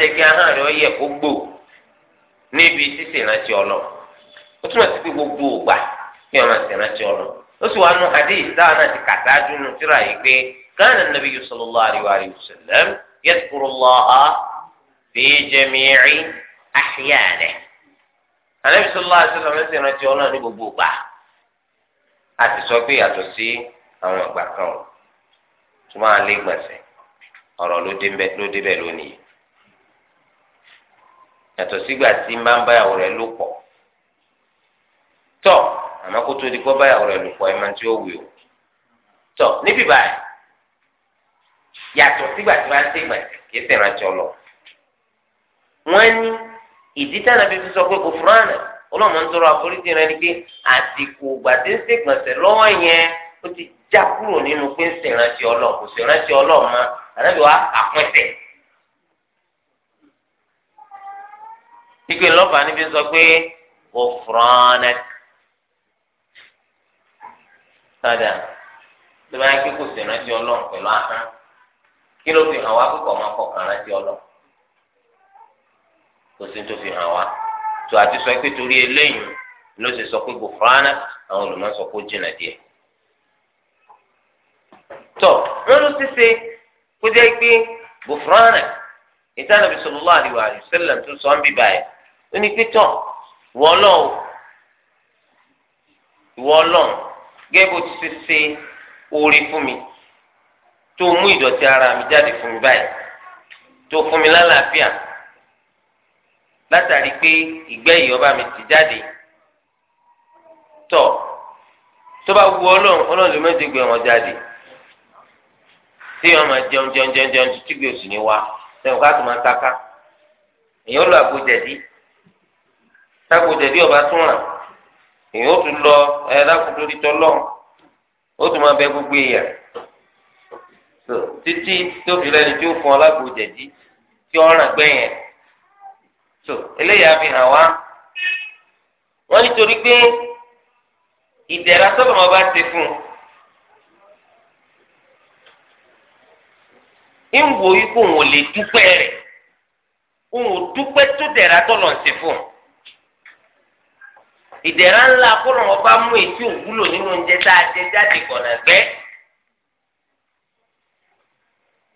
kí ahọ́n rẹ̀ yẹ kó gbò níbi ó túmọ̀ gbogbo ògbà kí wọ́n ti ọlọ ó sì wá náà كان النبي صلى الله عليه وآله وسلم يذكر الله في جميع أحيانه النبي صلى الله عليه وسلم ẹsẹ̀ rántí ọlọ́run ní gbogbo a ti sọ pé yàtọ̀ sí àwọn ìgbà kan o tó máa lé gbọ̀nsẹ̀ ọ̀rọ̀ ló débẹ̀ lónìí yàtọ̀ sígbà tí máa ń báyàwó rẹ̀ lò pọ̀ tọ́ àmọ́ kó tó di yàtọ̀ sígbà tí wọ́n á ṣègbà kìí ṣèrántí ọlọ. wọ́n ní ìdí táwọn abẹ́bí sọ pé kò fúránà ọlọ́mọ ń tọrọ àforíjì rẹ ni pé àsìkò ìgbà tí ń ṣègbọ̀nsẹ̀ lọ́wọ́ yẹn ó ti já kúrò nínú pé ń ṣèrántí ọlọ kò ṣèrántí ọlọ mọ́ ànábì wa àpẹ́sẹ̀. ìgbè lọ́ba níbi sọ pé kò fúránà. sáadà tó bá yẹ kí kò ṣèrántí ọlọ́run pẹ̀lú ahọ́n kí ló fi hàn wá púpọ̀ máa kọ̀ọ̀kan rántí ọlọ kò sí tó fi hàn wá tó àti sọ pé torí eléyìí ló ṣe sọ pé gòfúránà àwọn olùmọ̀ sọ pé ó jìnnà díẹ̀ tọ wọn ló ti ṣe kó jẹ́ pé gòfúránà ìtàn Ànábì sallallahu alaihi wasallam tó sọ ń bì báyìí ó ní pé tọ wọ́n lọ́wọ́ ìwọ Ọlọ́run gẹ́gẹ́ bó ti ṣe ṣe oore fún mi tó mú ìdọ̀tí ara mi jáde fún mi báyìí tó fún mi lálàáfíà látàrí pé ìgbẹ́ ìyọba mi ti jáde tọ̀ tó bá wu ọlọ́run ọlọ́run lè mẹ́tẹ́ gbé wọn jáde tí wọn máa jẹun jẹun jẹun jẹun títí gbé oṣù ní wa sẹ́wọ̀n ká máa sáká èèyàn lọ àgbo jẹ̀dí tágbo jẹ̀dí ọba tún rà èèyàn ó tún lọ ẹ̀ dákúndórí tọ́lọ́ ó tún máa bẹ gbogbo èèyàn so títí tó fi lẹ́ni tí ó fún ọ lágbo jẹ̀dí tí ó ràn gbẹ́ yẹn so eléyàá fi hàn wá wọ́n nítorí pé ìdẹ̀ra sọ́dọ̀ wọn bá ti fún un. ń wo ikú òun ò lè dúpẹ́ rẹ̀ òun ò dúpẹ́ tó dẹ̀ra tọ̀nà sí fún un. ìdẹ̀ra ńlá kọ́nà ọba mú ètí òwúlò nínú oúnjẹ tá a jẹ jáde kọ̀nà gbẹ́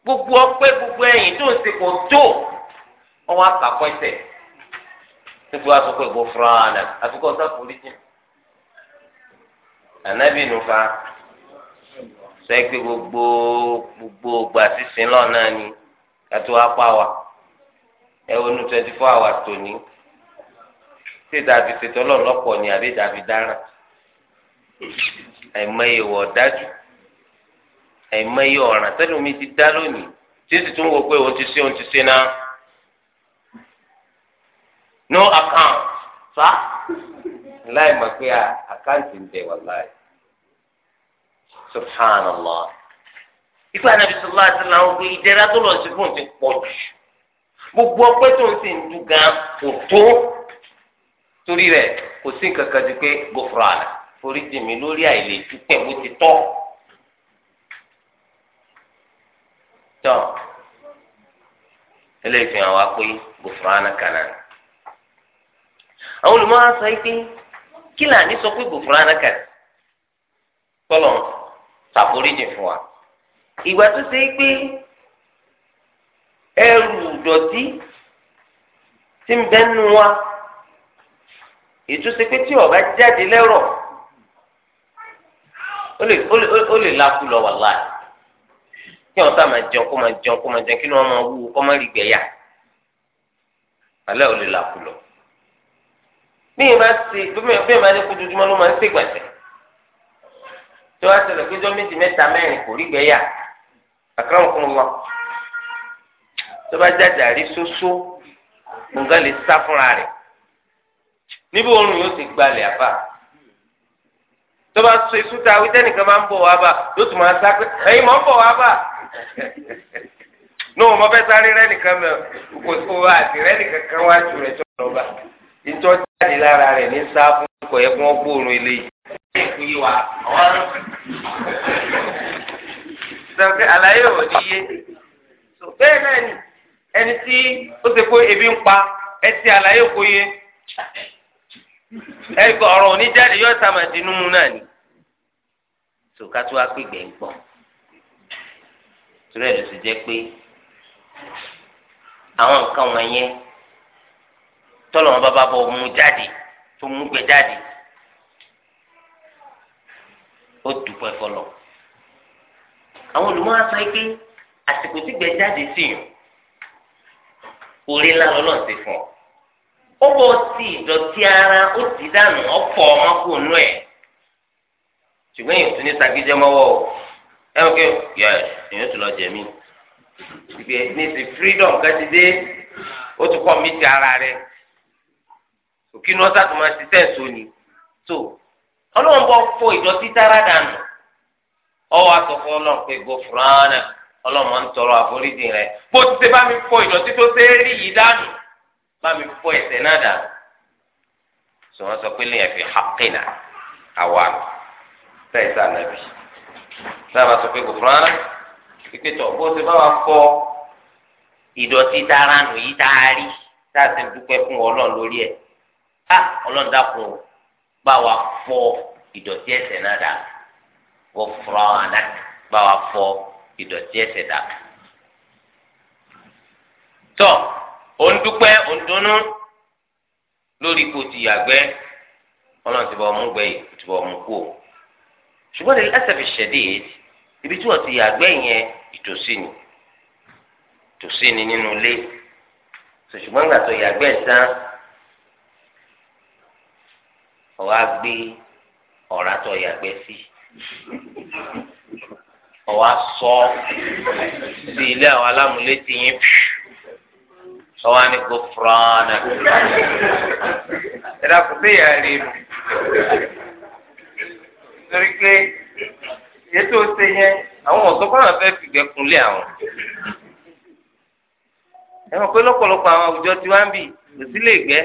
gbogbo ọpẹ́ gbogbo ẹ̀yìn tó ń ṣe kò tó wọn wá kà kọ ẹsẹ̀ gbogbo asopọ ìbò fúnra àfikọ sáfòrí jìn ànábì nùfà sọ pé gbogbo gbogbo gbà sísìn lọ náà ni kátó apá wa ẹ wọnú twenty four hours tòní tí dàbí ṣètò ọlọ́ọ̀lọ́pọ̀ ni àbí dàbí dára àìmọye wọ̀ dájú ẹ̀mẹ́yẹ ọ̀ràn tẹ́lẹ̀ omi ti dá lónìí tí èsì tún wò pé òun ti ṣe òun ti ṣe náà no account fa láì mọ̀ pé àkáǹtì ń bẹ wà láì subhanallah ikú anabi sọlá àti làwọn gbé ìdẹ́ra tó lọ sí fún ti pọ̀ jù gbogbo ọpẹ́ tó ń sì ń dùn gan kò tó torí rẹ̀ kò sí nǹkan kan ju pé gòfòrò àlà foríjì mi lórí àìlè dúpẹ́ bó ti tọ́. tọ́ eléyìí fi hàn wá pé gbòfuránà kàná àwọn olùmọ̀ á sọ pé kí là sọ pé gbòfuránà kàná kọlọ̀ ṣàforíjì fún wa ìgbà tó ṣe pé ẹrù dọ̀tí ti ń bẹ wa pé tí ọba jáde lẹ́rọ̀ ó lè kí wọn sá máa jẹun kó máa jẹun kó máa jẹun kí ni wọn máa wú kó máa rí gbẹ̀yà alẹ́ ò lè là kú lọ. bí yẹn bá ti bí yẹn bá ní kú dúdúmọ́ ló máa ń ṣègbàjẹ́ tí wọ́n á ṣẹlẹ̀ pé jọ́ méjì mẹ́ta mẹ́rin kò rí gbẹ̀yà àkàràwọ̀ kún wọn. tó bá jàjà rí sósó nǹkan lè sá fúnra rẹ̀ níbo oorun yóò ti gbalẹ̀ àbá tó bá so èso ta wí tẹ́nìkan máa ń bọ̀ wá bá yóò tún máa sá pé ẹ̀yin máa ń bọ̀ wá bá ní o mo fẹ́ sáré rẹ́nìkan mẹ́ kò tó wá àti rẹ́nìkan kan wá ju rẹ̀ tó lọ bá ìjọ jáde lára rẹ̀ ní sáà fún ọkọ̀ yẹ fún ọgbóòrùn eléyìí. sọ̀kẹ́ àlàyé ò ní yé bẹ́ẹ̀ náà ni ẹni tí ó ti kó ebi ń pa ẹ ti àlàyé kò yé ẹ gbọ́ ọ̀rọ̀ òní jáde yóò sàmàdínú mu náà ni sọ̀kátó wá pé gbẹ̀ ń gbọ́n torí ẹ̀ ló ti jẹ́ pé àwọn nǹkan wọ̀nyẹn tọ́lọ̀ wọn bábá bọ̀ mú jáde tó mú gbẹ jáde ó dùpẹ́ fọlọ́ àwọn olùmọ̀ aṣọ yìí pé àsìkò tí gbẹ jáde sí yàn orí ńlá lọ́nà ti fọ̀ ó bọ̀ sí ìdọ̀tí ara ó ti dànù ọ̀pọ̀ ọmọkùnrin ẹ̀ ṣùgbọ́n èèyàn tún ní sagídẹ́ o. ẹ wọ kí yẹ èyàn tún lọ jẹ mí ìgbẹ ní ti freedom kẹsì dé ó tún kọ mí ti ara rẹ òkínú ọsà tó máa ti tẹ̀sọ́ ni tó ọlọ́run bọ́ fọ ìdọ̀tí tára dànù ọwọ́ àtọ̀fọ́ ọlọ́run pé gòfúránà ọlọ́run ń tọrọ àforíjì rẹ bó ti ṣe bá mi fọ ìdọ̀tí tó ṣe é rí yìí dànù bá mi fọ ẹ̀ṣẹ̀ náà dànù sọ wọn sọ pé lèèyàn fi hàkínà àwa sábà sọ pé kò fúnra pípé tọ bó ṣe bá wa kọ ìdọ̀tí dára nù yí tá a rí tá a ti ń dúpẹ́ fún ọlọ́run lórí ẹ̀ á ọlọ́run dákun bá wa fọ ìdọ̀tí ẹ̀ṣẹ̀ náà dà wọ́n fúnra àná bá wa fọ ìdọ̀tí ẹ̀ṣẹ̀ dà. tọ́ òun dúpẹ́ òun dunnú lórí kò tìyàgbẹ́ ọlọ́run ti bọ̀ ọmú gbẹ̀yìn ti bọ̀ ọmú kú o ṣùgbọ́n lè lẹ́sẹ̀fì ṣẹ̀dí ibi tí wọ́n ti yàgbẹ́ yẹn ìtòsí ni ìtòsí ni nínú ilé ṣùgbọ́n gbà tó yàgbẹ́ tán ọ̀wá gbé ọ̀rá tó yàgbẹ́ sí ọ̀wá sọ sí ilé àwọn alámúlétí yín ọ̀wá ni kò fúrọ́ọ̀nà ẹ̀dá kò sí ìyá rí nu torí pé ètò ṣe yẹn àwọn ọ̀sán fáwọn fẹ́ fìgbẹ́ kunlé àwọn. ẹ mọ̀ pé lọ́pọ̀lọpọ̀ àwọn àwùjọ tí wọ́n ń bì kò sí lè gbẹ́.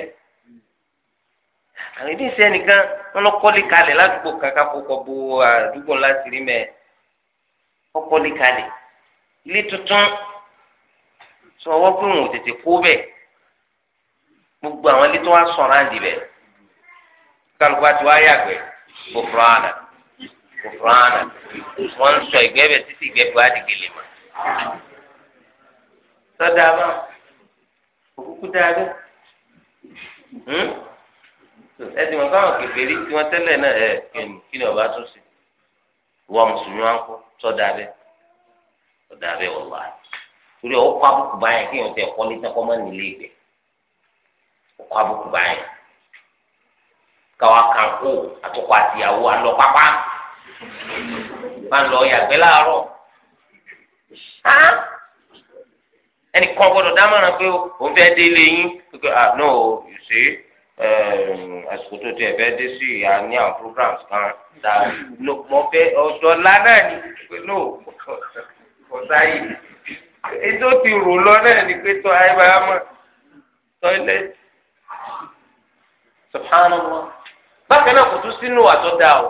àwọn ìdí ìṣe nìkan wọn lọ kọ́lé kalẹ̀ ládùúgbò kankan kókó bo àdúgbò láti rí mẹ́ ọ kọ́lé kalẹ̀ ilé tuntun sọ wọ́n pé wọn ò tètè kó bẹ́ẹ̀ gbogbo àwọn ilé tó wá sọ̀rọ̀ àǹdí bẹ́ẹ̀ kálukú àti wáyà gbẹ gbòfurọ́ àdàbọ̀ kòfúránà wọ́n ń sọ ìgbẹ́ bẹ̀ títí ìgbẹ́ bẹ̀ wádìí gèlè mọ́. sọ́dà bá òkúkú dáadé hmm? ẹ ti mọ̀ káwọn kèfèrí tí wọ́n tẹ́lẹ̀ náà ẹ̀ kí ni ọba tún sí ìwà mùsùlùmí wọn kọ́ sọ́dà bẹ́ sọ́dà bẹ́ wọ́n wá torí ọkọ̀ àbùkù báyẹn kí èèyàn tẹ ẹ̀kọ́ ní sẹ́kọ́ mọ́ nílé ìgbẹ́ ọkọ̀ àbùkù báyẹn káwa kan kó àtọkọ àtìyàwó alọ pápá máa lọ yàgbẹ́ láàárọ̀ ẹnì kan gbọ́dọ̀ dámọ̀ràn pé òun fẹ́ẹ́ dé ilé yín pé ah no you see um, àsìkò tó tiẹ̀ fẹ́ẹ́ dé sí ìyá ní àwọn programs kan ta mo fẹ́ ọjọ́ lánà ni pé no kò sáyé ètò ti rò lọ náà ni pé tó ayé bàá mọ tọ́ilẹ̀tì subhanallah bákan náà kò tún sínú àtọ́dá o.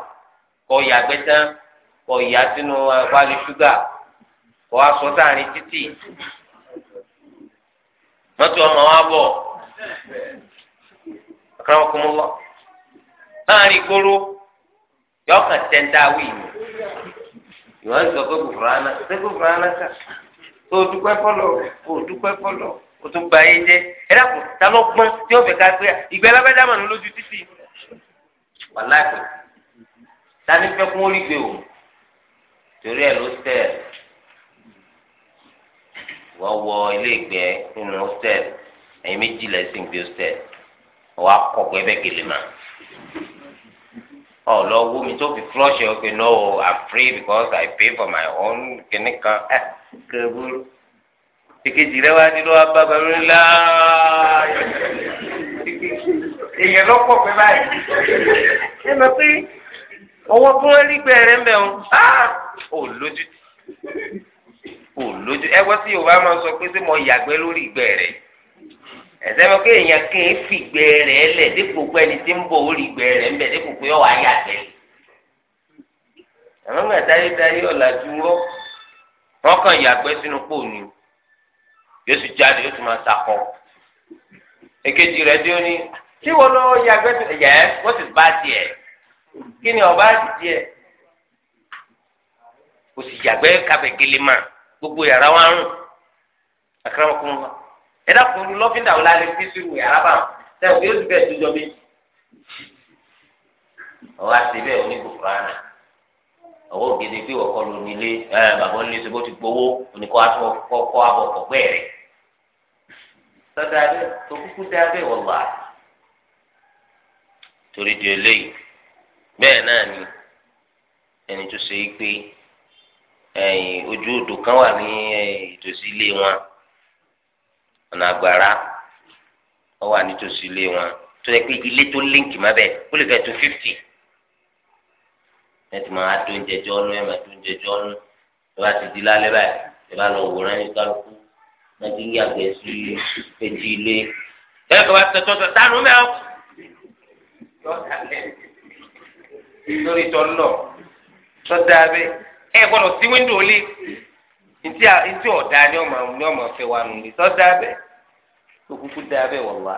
kọ yàgbẹ́ tán kọ yà sínú wàlú ṣúgà kọ aṣọ sáàrin títì mọ́tò ọmọ wa bọ̀ akọrọ kọmọ lọ láàrin ìgboro yọ kàn tẹńtà wí ìwọ́n sọ pé kùfùránà pé kùfùránà kà tó dúpẹ́ fọlọ́ o dúpẹ́ fọlọ́ kò gba ta tani fẹ́ kún orí gbé o torí ẹ̀ lọ́sítẹ́ẹ̀ wọ́n wọ ilé ìgbẹ́ nínú hostel ẹ̀yin méjì lẹ́sìn gbé hostel wọ́n akọ̀gbẹ́ bẹ́ẹ̀ gèlè mà ọ lọ wo mi tó fi flush ẹ pé no I'm free because I pay for my own kìnnì kan ẹ eh, kébúrú èkejì rẹ wá nílò abábá rẹ láàyè èyàn lọ́pọ̀ pé báyìí ẹ mọ̀ pé ọwọ́ tí wọ́n rí gbẹ̀rẹ̀ ń bẹ̀ wọn ò lójú ò lójú ẹgbẹ́ tí yorùbá máa sọ pé sí mo yàgbẹ́ lórí gbẹ̀rẹ̀ ẹ̀sẹ̀ mi pé èèyàn kì í fi gbẹ̀rẹ̀ lẹ̀ dípò pé ẹni tí ń bọ̀ ó rí gbẹ̀rẹ̀ ń bẹ̀ dípò pé ọ̀wá yàgbẹ́ àwọn ọmọ àtayétayé ọ̀làjú rọ wọn kàn yàgbẹ́ sínú pòónì yóò sì jáde yóò sì máa sakọ èkejì rẹ̀ dé ó ní tí wọn lọ yàgbẹ́ sínú yẹ wọ́n sì bá tiẹ̀ kí ni ọba àdìdí ẹ kò sì yàgbẹ́ kabẹ̀ gele ma gbogbo yàrá wa ń rùn àkàràmọ̀kùn wa ẹ dákun lọ́fíńdà wò lálẹ́ fi sírù yàrá bá sẹ́wọ̀n yóò ti bẹ̀ tó jọ méjì ọwọ́ àti bẹ́ẹ̀ oníkùkùrù àná ọwọ́ ògidì pé ọkọ ló nílé ẹ bàbá onílé ṣe bó ti gbowó oníkọ́ aṣọ kọ́ abọ́ kọ̀pẹ́ rẹ̀ sọ́dọ̀ abẹ́ tó kúkú dé abẹ́ wọ̀ wá torí di eléyìí. bẹ́ẹ̀ náà ni ẹni tó ṣe é pé ojú odò kan wà ní ìtòsí ilé wọn ọ̀nà àgbàrá ó wà nítòsí ilé wọn tó yẹ pé ilé tó líǹkì má bẹ́ẹ̀ ó lè fẹ́ tó fífì ẹtì máa tó ọ́nú máa tó ọ́nú ẹ bá ti di lálẹ́ báyìí ẹ bá lọ wòran ní kálukú náà ti ń yàgbẹ́ sí etí ilé ẹ lórí tọ́lọ̀ tọ́da abẹ ẹ gbọ́dọ̀ sí wíńdò lé ntí ntí ọ̀dà ni ọmọ ni ọmọ fẹ́ wà nù tọ́da abẹ okuku da abẹ wọ̀lá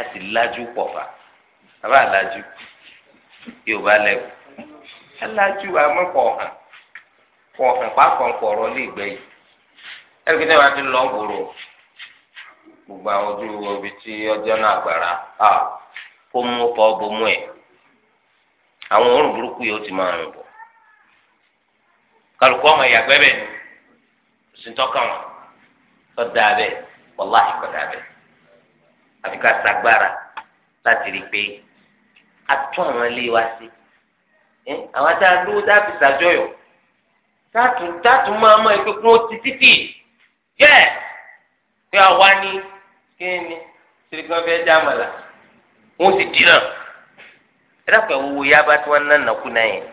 a ti lajú pọ̀fà àbá lajú yorùbá lẹ́wọ̀ alájú àmọ́ kọ̀ọ̀hàn kọ̀ọ̀hàn pàápàá kọ̀ọ̀rọ̀ lè gbẹ yìí ẹ̀rọ kí ni wàá ti lọ́ọ̀ wòrò gbogbo àwọn ojú wo tí ọjọ́ náà gbàrà ha. kó mú kọ́ bomú ẹ̀ àwọn òórùn burúkú ti máa rùn bọ̀ kálukú ọmọ ìyàgbẹ́ bẹ́ẹ̀ ni sìntọ́kàn wọn tọ́da bẹ́ẹ̀ wàláhì kọ́da bẹ́ẹ̀ àfi ká sagbára láti rí i pé a àwọn ilé wa sí àwọn tá a lówó a fi ṣàjọyọ̀ tátù máa mọ ẹgbẹ́ kún ó ti títì yẹ pé kí ni dá wọn sì dínà ẹ ya bá tí wọ́n ná nàkú náà yẹn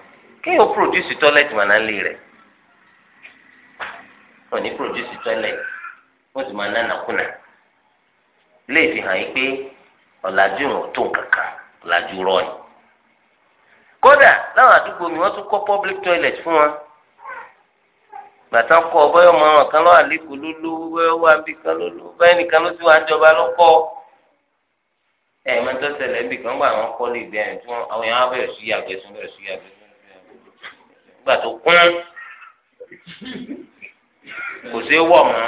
kéèyàn produce toilet mà náà lè rẹ̀ wọ́n ní produce toilet wọ́n sì máa ná nàkú náà lè fi hàn yín pé ọ̀làjú tó ọ bọ́yọ̀ mọ́ ọ̀kan lọ́wọ́ àlékún ló lówó bí kan ló ló wà ń jọba ẹ máa tó ṣẹlẹ̀ bí kan gba àwọn kọ́lé ìgbé ẹni tí wọ́n àwọn èèyàn bẹ̀rẹ̀ sí yàgbẹ́ sí bẹ̀rẹ̀ sí yàgbẹ́ nígbà tó kún kò sí wọ̀ mọ́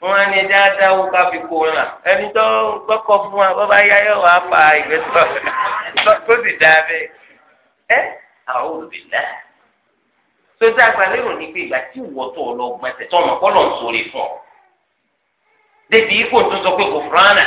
wọ́n á ní ẹja dáwó ká fi kó ńlá ẹni tó gbọ́kọ̀ fún wa bọ́ bá yá yọ̀ wá pa ìgbẹ́ tó sì dáa bẹ́ẹ̀ ẹ àwọn olùbẹ̀dá tó dá agbalẹ̀ rò ní pé ìgbà tí ìwọ tó lọ gbọ́n tẹ̀ tọ́ ọmọ kọ́ lọ́n sórí débi ipò tó sọ pé kò fúránà.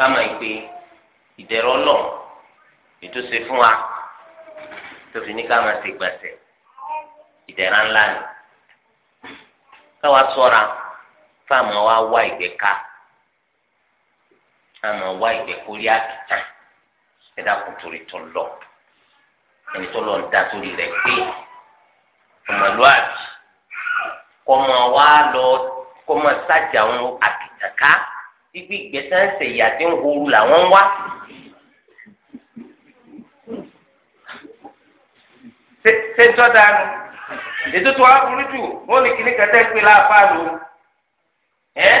káma ìpè ìdẹ̀rọ̀ lọ ètò ṣe fún wa tó fi ní káma ṣe gbàṣẹ ìdẹ̀ra ńlá ni káwa sọ́ra fáàmù wa wá ìgbẹ́ka fáàmù wa ìgbẹ́kórí àkìtàn ẹ̀dá kò torí tó lọ ẹni tó lọ ń da torí rẹ̀ pé ọmọlúwàbí kọ́mọ wa lọ kọ́mọ sájà wọn àkìtàn ká ibi ìgbésẹ̀ ń sè ìyá tí ń horu làwọn ń wá. ṣé ń tọ́da nu ètò tó wá burú jù wọ́n lè kí ní kẹtẹ́ pé láàfà lò ó ẹ́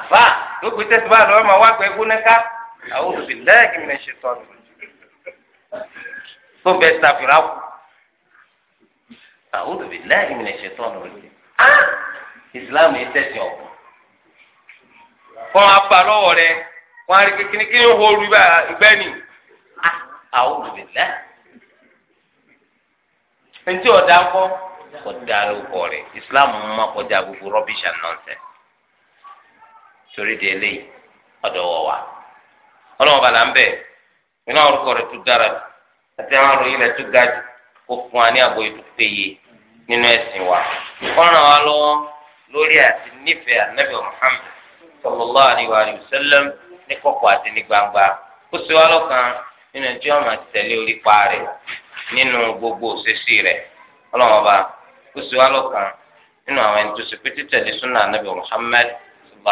àfà tó gbé tẹ́sí bá lọ́wọ́ máa wá pẹ́ gbóná ká àwọn olùbílẹ̀ kí ni ṣe tọ́ lù tó bẹ sàfìrà kù àwọn olùbílẹ̀ kí ni ṣe tọ́ lù. Islam yìí tẹ̀sí ọ̀pọ̀. wọn á lọ́wọ́ rẹ wọn á rí kékeré kí ni ó horú ìgbẹ́ ni àwọn olùdílẹ̀ ntí ọ̀dà kọ́ ọ̀dà lóko rẹ̀ Islam mọ́ kọjá gbogbo rubbish and nonsense torí di eléyìí ọ̀dọ̀ wọ̀ wá ọlọ́wọ́ bàlá ń bẹ̀ orúkọ rẹ̀ tún dára àti àwọn àròyìn rẹ̀ tún kó fún wa ní ètò péye nínú ẹ̀sìn wa ọ̀ràn wa lọ́wọ́ lórí àti nífẹ̀ẹ́ sallallahu alaihi wa sallam ní kọ̀kọ̀ àti ní gbangba kó sì wá lọ́kàn nínú ẹjọ́ ọmọ àti tẹ̀lé orí pa rẹ̀ nínú gbogbo òṣèṣì rẹ̀ ọlọ́run ọba kó sì wá lọ́kàn nínú àwọn ẹni tó ṣe pé títẹ̀lé súnà anábì muhammad muhammed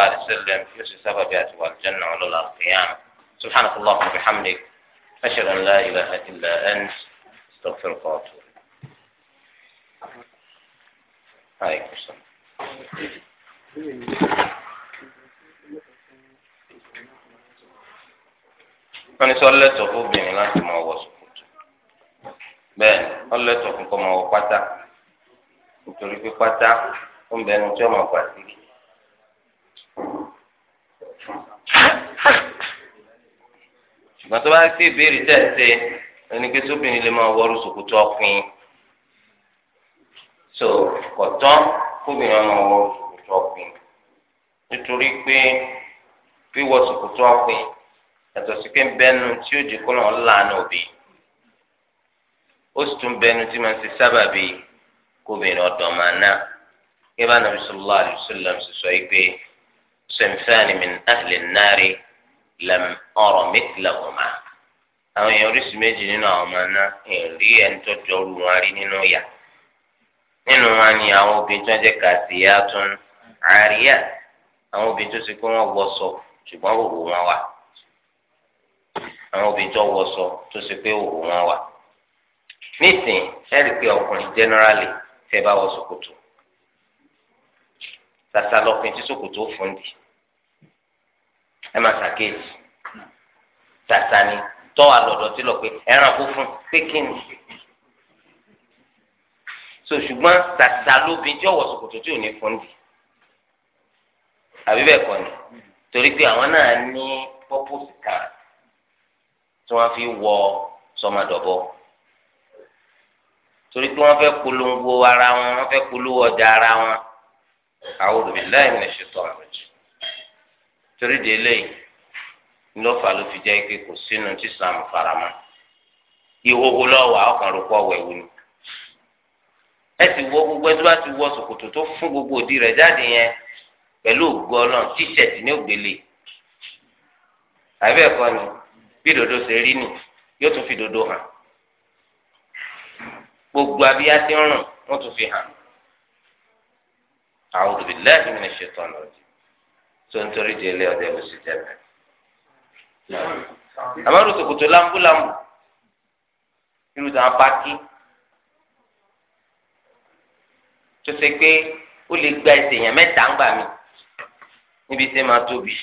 alaihi wa sallam yóò ṣe sábàbí àti wà lùjẹ́nà ọlọ́lá kìíyàn subhanahu wa ta'ala bihamdik ashhadu an la ilaha illa ant astaghfiruka wa atubu Thank you. wọ́n ní sọ lẹ́tọ̀ fún obìnrin láti máa wọ ṣòkòtò bẹ́ẹ̀ ọlẹ́tọ̀ fún kọ́ máa wọ pátá nítorí pé pátá ó ń bẹnu tí ó máa gbà sí. ṣùgbọ́n tó bá sí ìbéèrè tẹ̀ ṣe ẹni pé sóbìnrin lè máa wọrú ṣòkòtò ọ̀pìn so kọ̀tọ́ kóbìnrin máa wọ ṣòkòtò ọ̀pìn nítorí pé wíwọ ṣòkòtò ọ̀pìn yàtọ̀ sí pé bẹ́ẹ̀nu tí ó di kọ́lọ̀ ńláàánú òbí ó sì tún bẹ́ẹ̀nu tí máa ń ṣe sábàbí kóbìnrin ọ̀dọ̀ máa ná kí bá nàbí sọlá àdùsọlá ṣe sọ yìí pé sẹ̀ǹfààní mi ahli an-nari lam ara mithlahuma àwọn èèyàn oríṣi méjì nínú àwọn ọmọ ná èrí ẹni tó jọrú wọn rí nínú yà nínú wọn ni àwọn obìnrin tó ń jẹ́ kàṣíyà tún àríyá àwọn obìnrin tó ṣe pé wọ́n wọṣọ ṣùgbọ́n òwò wọn wà àwọn obìnrin tó wọṣọ tó ṣe pé òwò wọn wà nísìnyí ẹ rí i pé ọkùnrin generally tẹ́ bá wọ ṣòkòtò sàṣà lọkùnrin tí ṣòkòtò fún di ẹ máa ṣàkíyèsí sàṣà ni tọ́ àlọ́dọ̀ tí lọ pé ẹran kó fún pé kí ni so ṣùgbọ́n sàṣà lóbin tí ọ̀wọ̀ ṣòkòtò tí ò ní fún di àbí bẹ́ẹ̀ kọ́ ni torí pé àwọn náà ní pọ́pọ́sì kan tí wọ́n fi wọ sọmadọ̀bọ torí pé wọ́n fẹ́ polongo ara wọn wọ́n fẹ́ polówó ọjà ara wọn a'udhu billahi minash shaitanir rajim torí de eléyìí ńlọ́fà ló fi jẹ́ pé kò sínú tí Islam faramọ́ ìhòhò lọ́wọ́ ọkàn ló kọ́ wẹ̀wù ni ẹ ti wọ gbogbo ẹ tó bá ti wọ ṣòkòtò tó fún gbogbo òdì rẹ̀ jáde yẹn pẹ̀lú ògbó ọlọ́run tíṣẹ̀tì ní ògbélé àbẹ́ẹ̀kọ́ ni bí dòdò ṣe rí nì yóò tún fi dòdò hàn gbogbo abíyá tí ń rùn wọ́n tún fi hàn a'udhu billahi minash shaitani rajim tó ń torí di ilé ọdẹ ló sì jẹbẹ. àmọ́rò sòkòtò lámbúlámbù irú tàn pàkí tó ṣe pé ó lè gba ẹsẹ̀ èèyàn mẹ́ta ń gbà mí níbi tí máa tóbi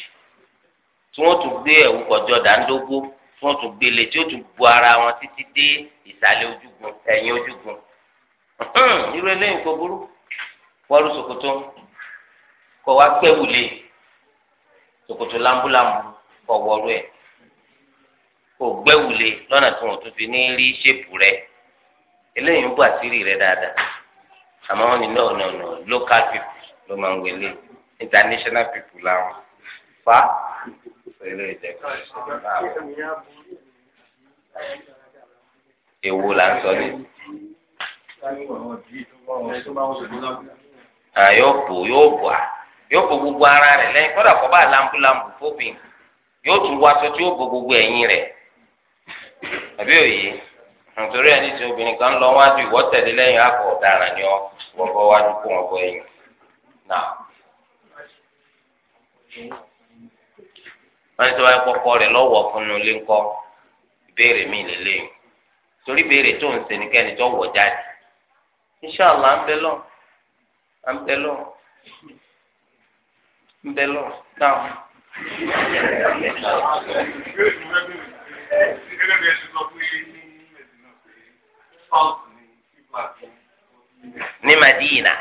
tí wọ́n tún gbé ẹ̀wù kọjọ́ dáńdógó tí wọ́n tún gbélé tí ó tún bu ara wọn títí dé ìsàlẹ̀ ojúgun ẹ̀yìn ojúgun irú eléyìí kò burú wọ́ọ́rù ṣòkòtò kò wá pẹ́ wùlé ṣòkòtò lámbúlámbú kò wọ́ọ́rù ẹ̀ kò gbẹ́ wùlé lọ́nà tí wọ́n tún fi ní rí ṣépù rẹ̀ eléyìí ń bọ̀ àṣírí rẹ̀ dáadáa àmọ́ wọn ni no no no local people ló máa ń wẹlé international people làwọn fa sọ eléyìí jẹ kí n ewu là ń sọ ní. yóò bò yóò bò á yóò bò gbogbo ara rẹ̀ lẹ́yìn kódà kó bá lambulambu fóbìn yóò tún wá aṣọ tí yóò bò gbogbo ẹ̀yìn rẹ̀ àbí òye nítorí ẹni tí obìnrin kan lọ wájú ìwọ tẹ̀lé lẹ́yìn akọ ọ̀daràn ni ọ wọ́n bọ́ wájú kó wọ́n bọ́ ẹ̀yìn náà. wọn ti wáyé kọkọ rẹ lọ́wọ́ fún un lé ńkọ́ ìbéèrè mi lélẹ̀ torí béèrè tó ń sẹni kẹni tó wọ jáde inṣàlá ń bẹ lọ ń bẹ lọ ń bẹ lọ náà. ní Madina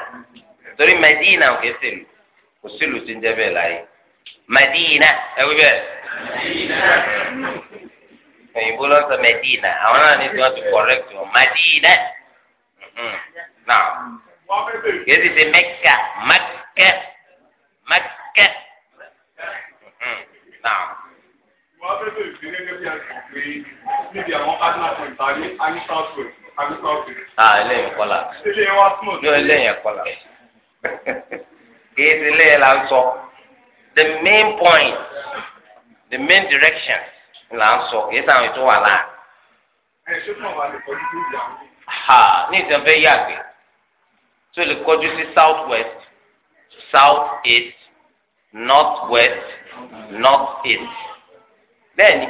torí Madina kò kò ń jẹ láyé. Madina ẹ̀wí bẹ́ẹ̀. òyìnbó ló sọ Madina àwọn náà ní tí wọ́n ti correct wọn Madina náà yóò ti ṣe Mẹ́kà Mẹ́kà Mẹ́kà náà wọ́n fẹ́ bẹ̀rẹ̀ colar. gẹ́gẹ́ é a sọ pé níbi àwọn ele é lá àbí the main point the main direction là ń sọ kìí sáwọn ètò wà láà. ha ní ìtàn fẹ́ yàgbé tó lè kọjú sí south west south east north west north east bẹ́ẹ̀ ni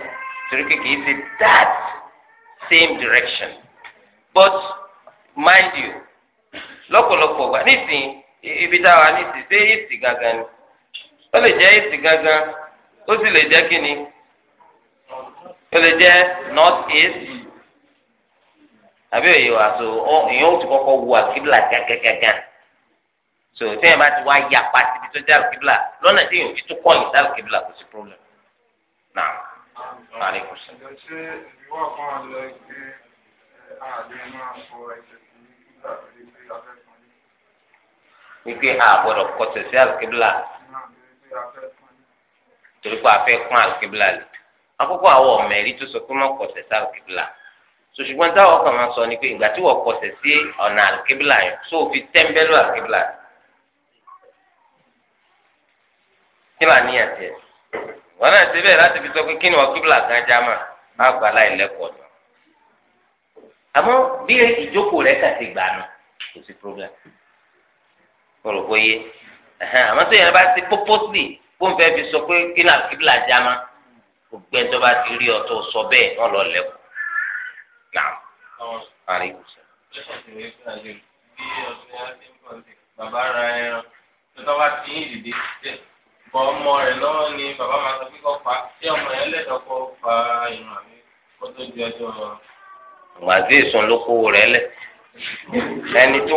torí kékeré ṣe that same direction but mind you lọ́pọ̀lọpọ̀ wà nísìnyí ibi táwa nísìnyí ṣé east gangan ni ó lè jẹ́ east gangan ó sì lè jẹ́ kíni ó lè jẹ́ north east àbí òye wa so ìyẹn ó ti kọ́kọ́ wo àkíbla gángangangan so téèyàn bá ti wá yapa síbi tó jẹ́ àkíbla lọ́nà téèyàn ò fi tún kọ́yìn sí àkíbla kò sí problem náà àlẹ́ kò sí. ṣé ìwà kan àlọ́ ìgbé àlẹ́ máa fọ ẹsẹ̀ sí nígbà tó lè gbé afẹ́fọ́ ní. wípé a torí pé a fẹ́ pọ́n àlùkébílà lè akókó àwọn ọmọ ẹ̀rí tó sọ pé wọ́n kọsẹ̀ sí àlùkébílà so ṣùgbọ́n táwọn kan máa sọ ni pé ìgbà tí wọ́n kọsẹ̀ sí ọ̀nà àlùkébílà yẹn so fi tẹ́ḿbẹ́lú àlùkébílà tí màá níyàn tiẹ̀ wọn náà ti bẹ́ẹ̀ láti fi sọ pé kí ni wọ́n kíbílà gan já mà á gbà láì lẹ́kọ̀ọ́ náà àmọ́ bí ìjókòó rẹ̀ kà ti gbà náà kò sí àmọ́ tó yẹn bá ti purposely kó n fẹ́ fi sọ pé kí náà kíbla já ma gbogbo ẹjọ́ bá ti rí ọtọ sọ bẹ́ẹ̀ wọ́n lọ lẹ́kọ̀ọ́ náà parí. bàbá ra ẹran tó tọ́ bá ti ń dìde bọ ọmọ rẹ lọ́wọ́ ni bàbá máa sọ pé kọ́ pa tí ọmọ yẹn lẹ́dọ̀ọ́ kọ́ fa ìrìn àmì kó tó di ọjọ́ ọ̀rọ̀ wàzí ìsùn ló kó rẹ lẹ ẹni tó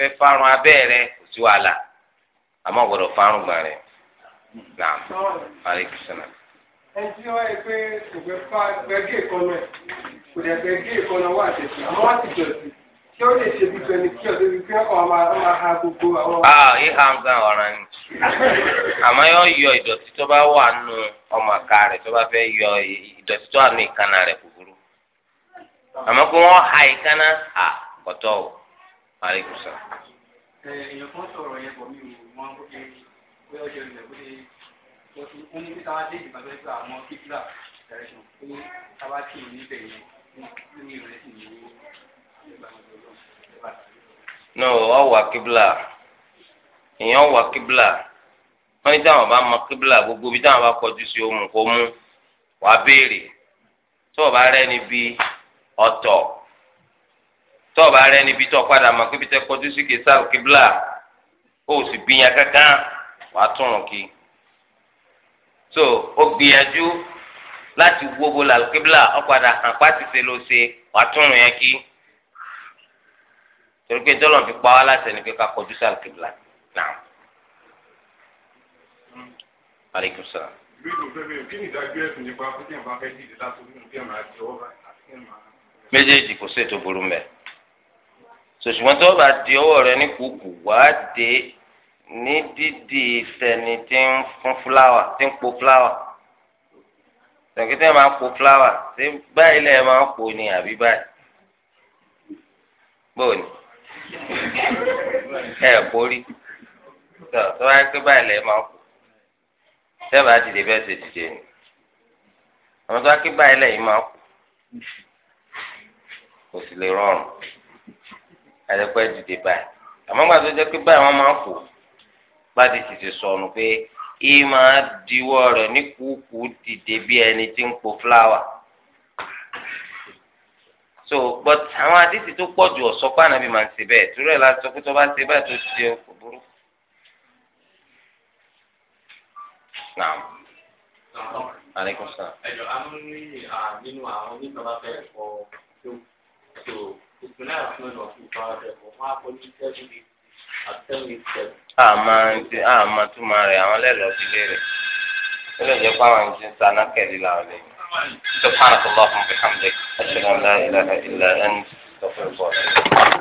fẹ farun abẹ́ rẹ kò sí wàhálà gbà rẹ naam aleykum salaam. ẹni tí wọ́n pé kò ìkọlọ kò ìkọlọ wà jọ kí lè ṣe bí kí máa ha gbogbo àwọn. ah ọ̀ràn ni yóò yọ ìdọ̀tí tó bá wà nù ọmọ tó bá yọ ìdọ̀tí tó wà nù ìkànnà ha ìkànnà Aleykum salaam. Èèyàn kan sọ̀rọ̀ yẹn bọ̀ mí ò mọ bóyá bóyá ọjọ́ ilẹ̀ bóyá wọ́n ti wọ́n ní kíkà dé ìbàdàn ìgbà àmọ́ kíkìlà direction pé káwá kì í níbẹ̀ yẹn ní ìrẹsì ní ìgbà àgbẹ̀lọ́. náà ọ wà kíbla èèyàn wà kíbla wọ́n ní táwọn bá mọ kíbla gbogbo bí táwọn bá kọjú sí ohun kó mú wàá béèrè tó o bá rẹ́ni bí ọ̀tọ̀ tọ́ọ̀bà rẹ níbi tó padà mọ̀ pé bí tẹ́ kọjú sí kẹsàrù kíbla ó sì gbìyàn kankan wàá túnrùn kí. so ó gbìyànjú láti wóbo làlùkíbla ó padà hàn pàtì ṣe ló ṣe wàá túnrùn yẹn kí. torí pé jọlọ́n fi pa wá láti ẹni pé ká kọjú sí àlùkíbla náà. aleykum salaam. méjèèjì kò sí ètò burú mẹ́ẹ̀ sòṣùgbọ́n tó bá di ọwọ́ rẹ ní kùkù wàá dé ní dídì ìfẹ̀ni tí ń fún fúláwà tí ń po fúláwà tẹ̀kítẹ́ máa po fúláwà tí báyìí lẹ́ẹ̀ máa po ni àbí báyìí bóòní ẹ borí tó tó wáyé pé báyìí lẹ́ẹ̀ máa po tẹ́ẹ̀bà dìde bẹ́ẹ̀ ṣe dìde ni àwọn tó wáyé pé báyìí lẹ́yìn máa po kò sì lè rọrùn àdẹ́pẹ́ dìde báyìí àmọ́ gbà tó jẹ́ pé báyìí wọ́n máa ń fò bá ti tètè sọnù pé ìyí máa diwọ́ rẹ̀ ní kúkú dìde bí ẹni tí ń po fúláwà so but àwọn àdìsí tó pọ̀ jù ọ̀sọ́ pé ànábì máa ń ṣe bẹ́ẹ̀ torí ẹ̀ la sọ pé tó bá ṣe báyìí tó ṣe kò burú. Aleykum salaam. Ẹ̀jọ̀ amúnú nínú àwọn oníkàbá fẹ́ ẹ̀kọ́ tó ìpínlẹ̀ ọ̀sùn lọ sí ìfarajẹ̀mọ̀ wọn á kọ́ ní seven eight àti seven eight seven. àmọ́ ti àmọ́ túmọ̀ rẹ̀ àwọn lẹ́lọ́ọ́ ti lé rẹ̀ ó lè jẹ́ pé àwọn ti ń saná kẹ́lí làwọn lè yìn. سبحانك اللهم وبحمدك أشهد أن لا إله إلا أنت أستغفرك وأتوب إليك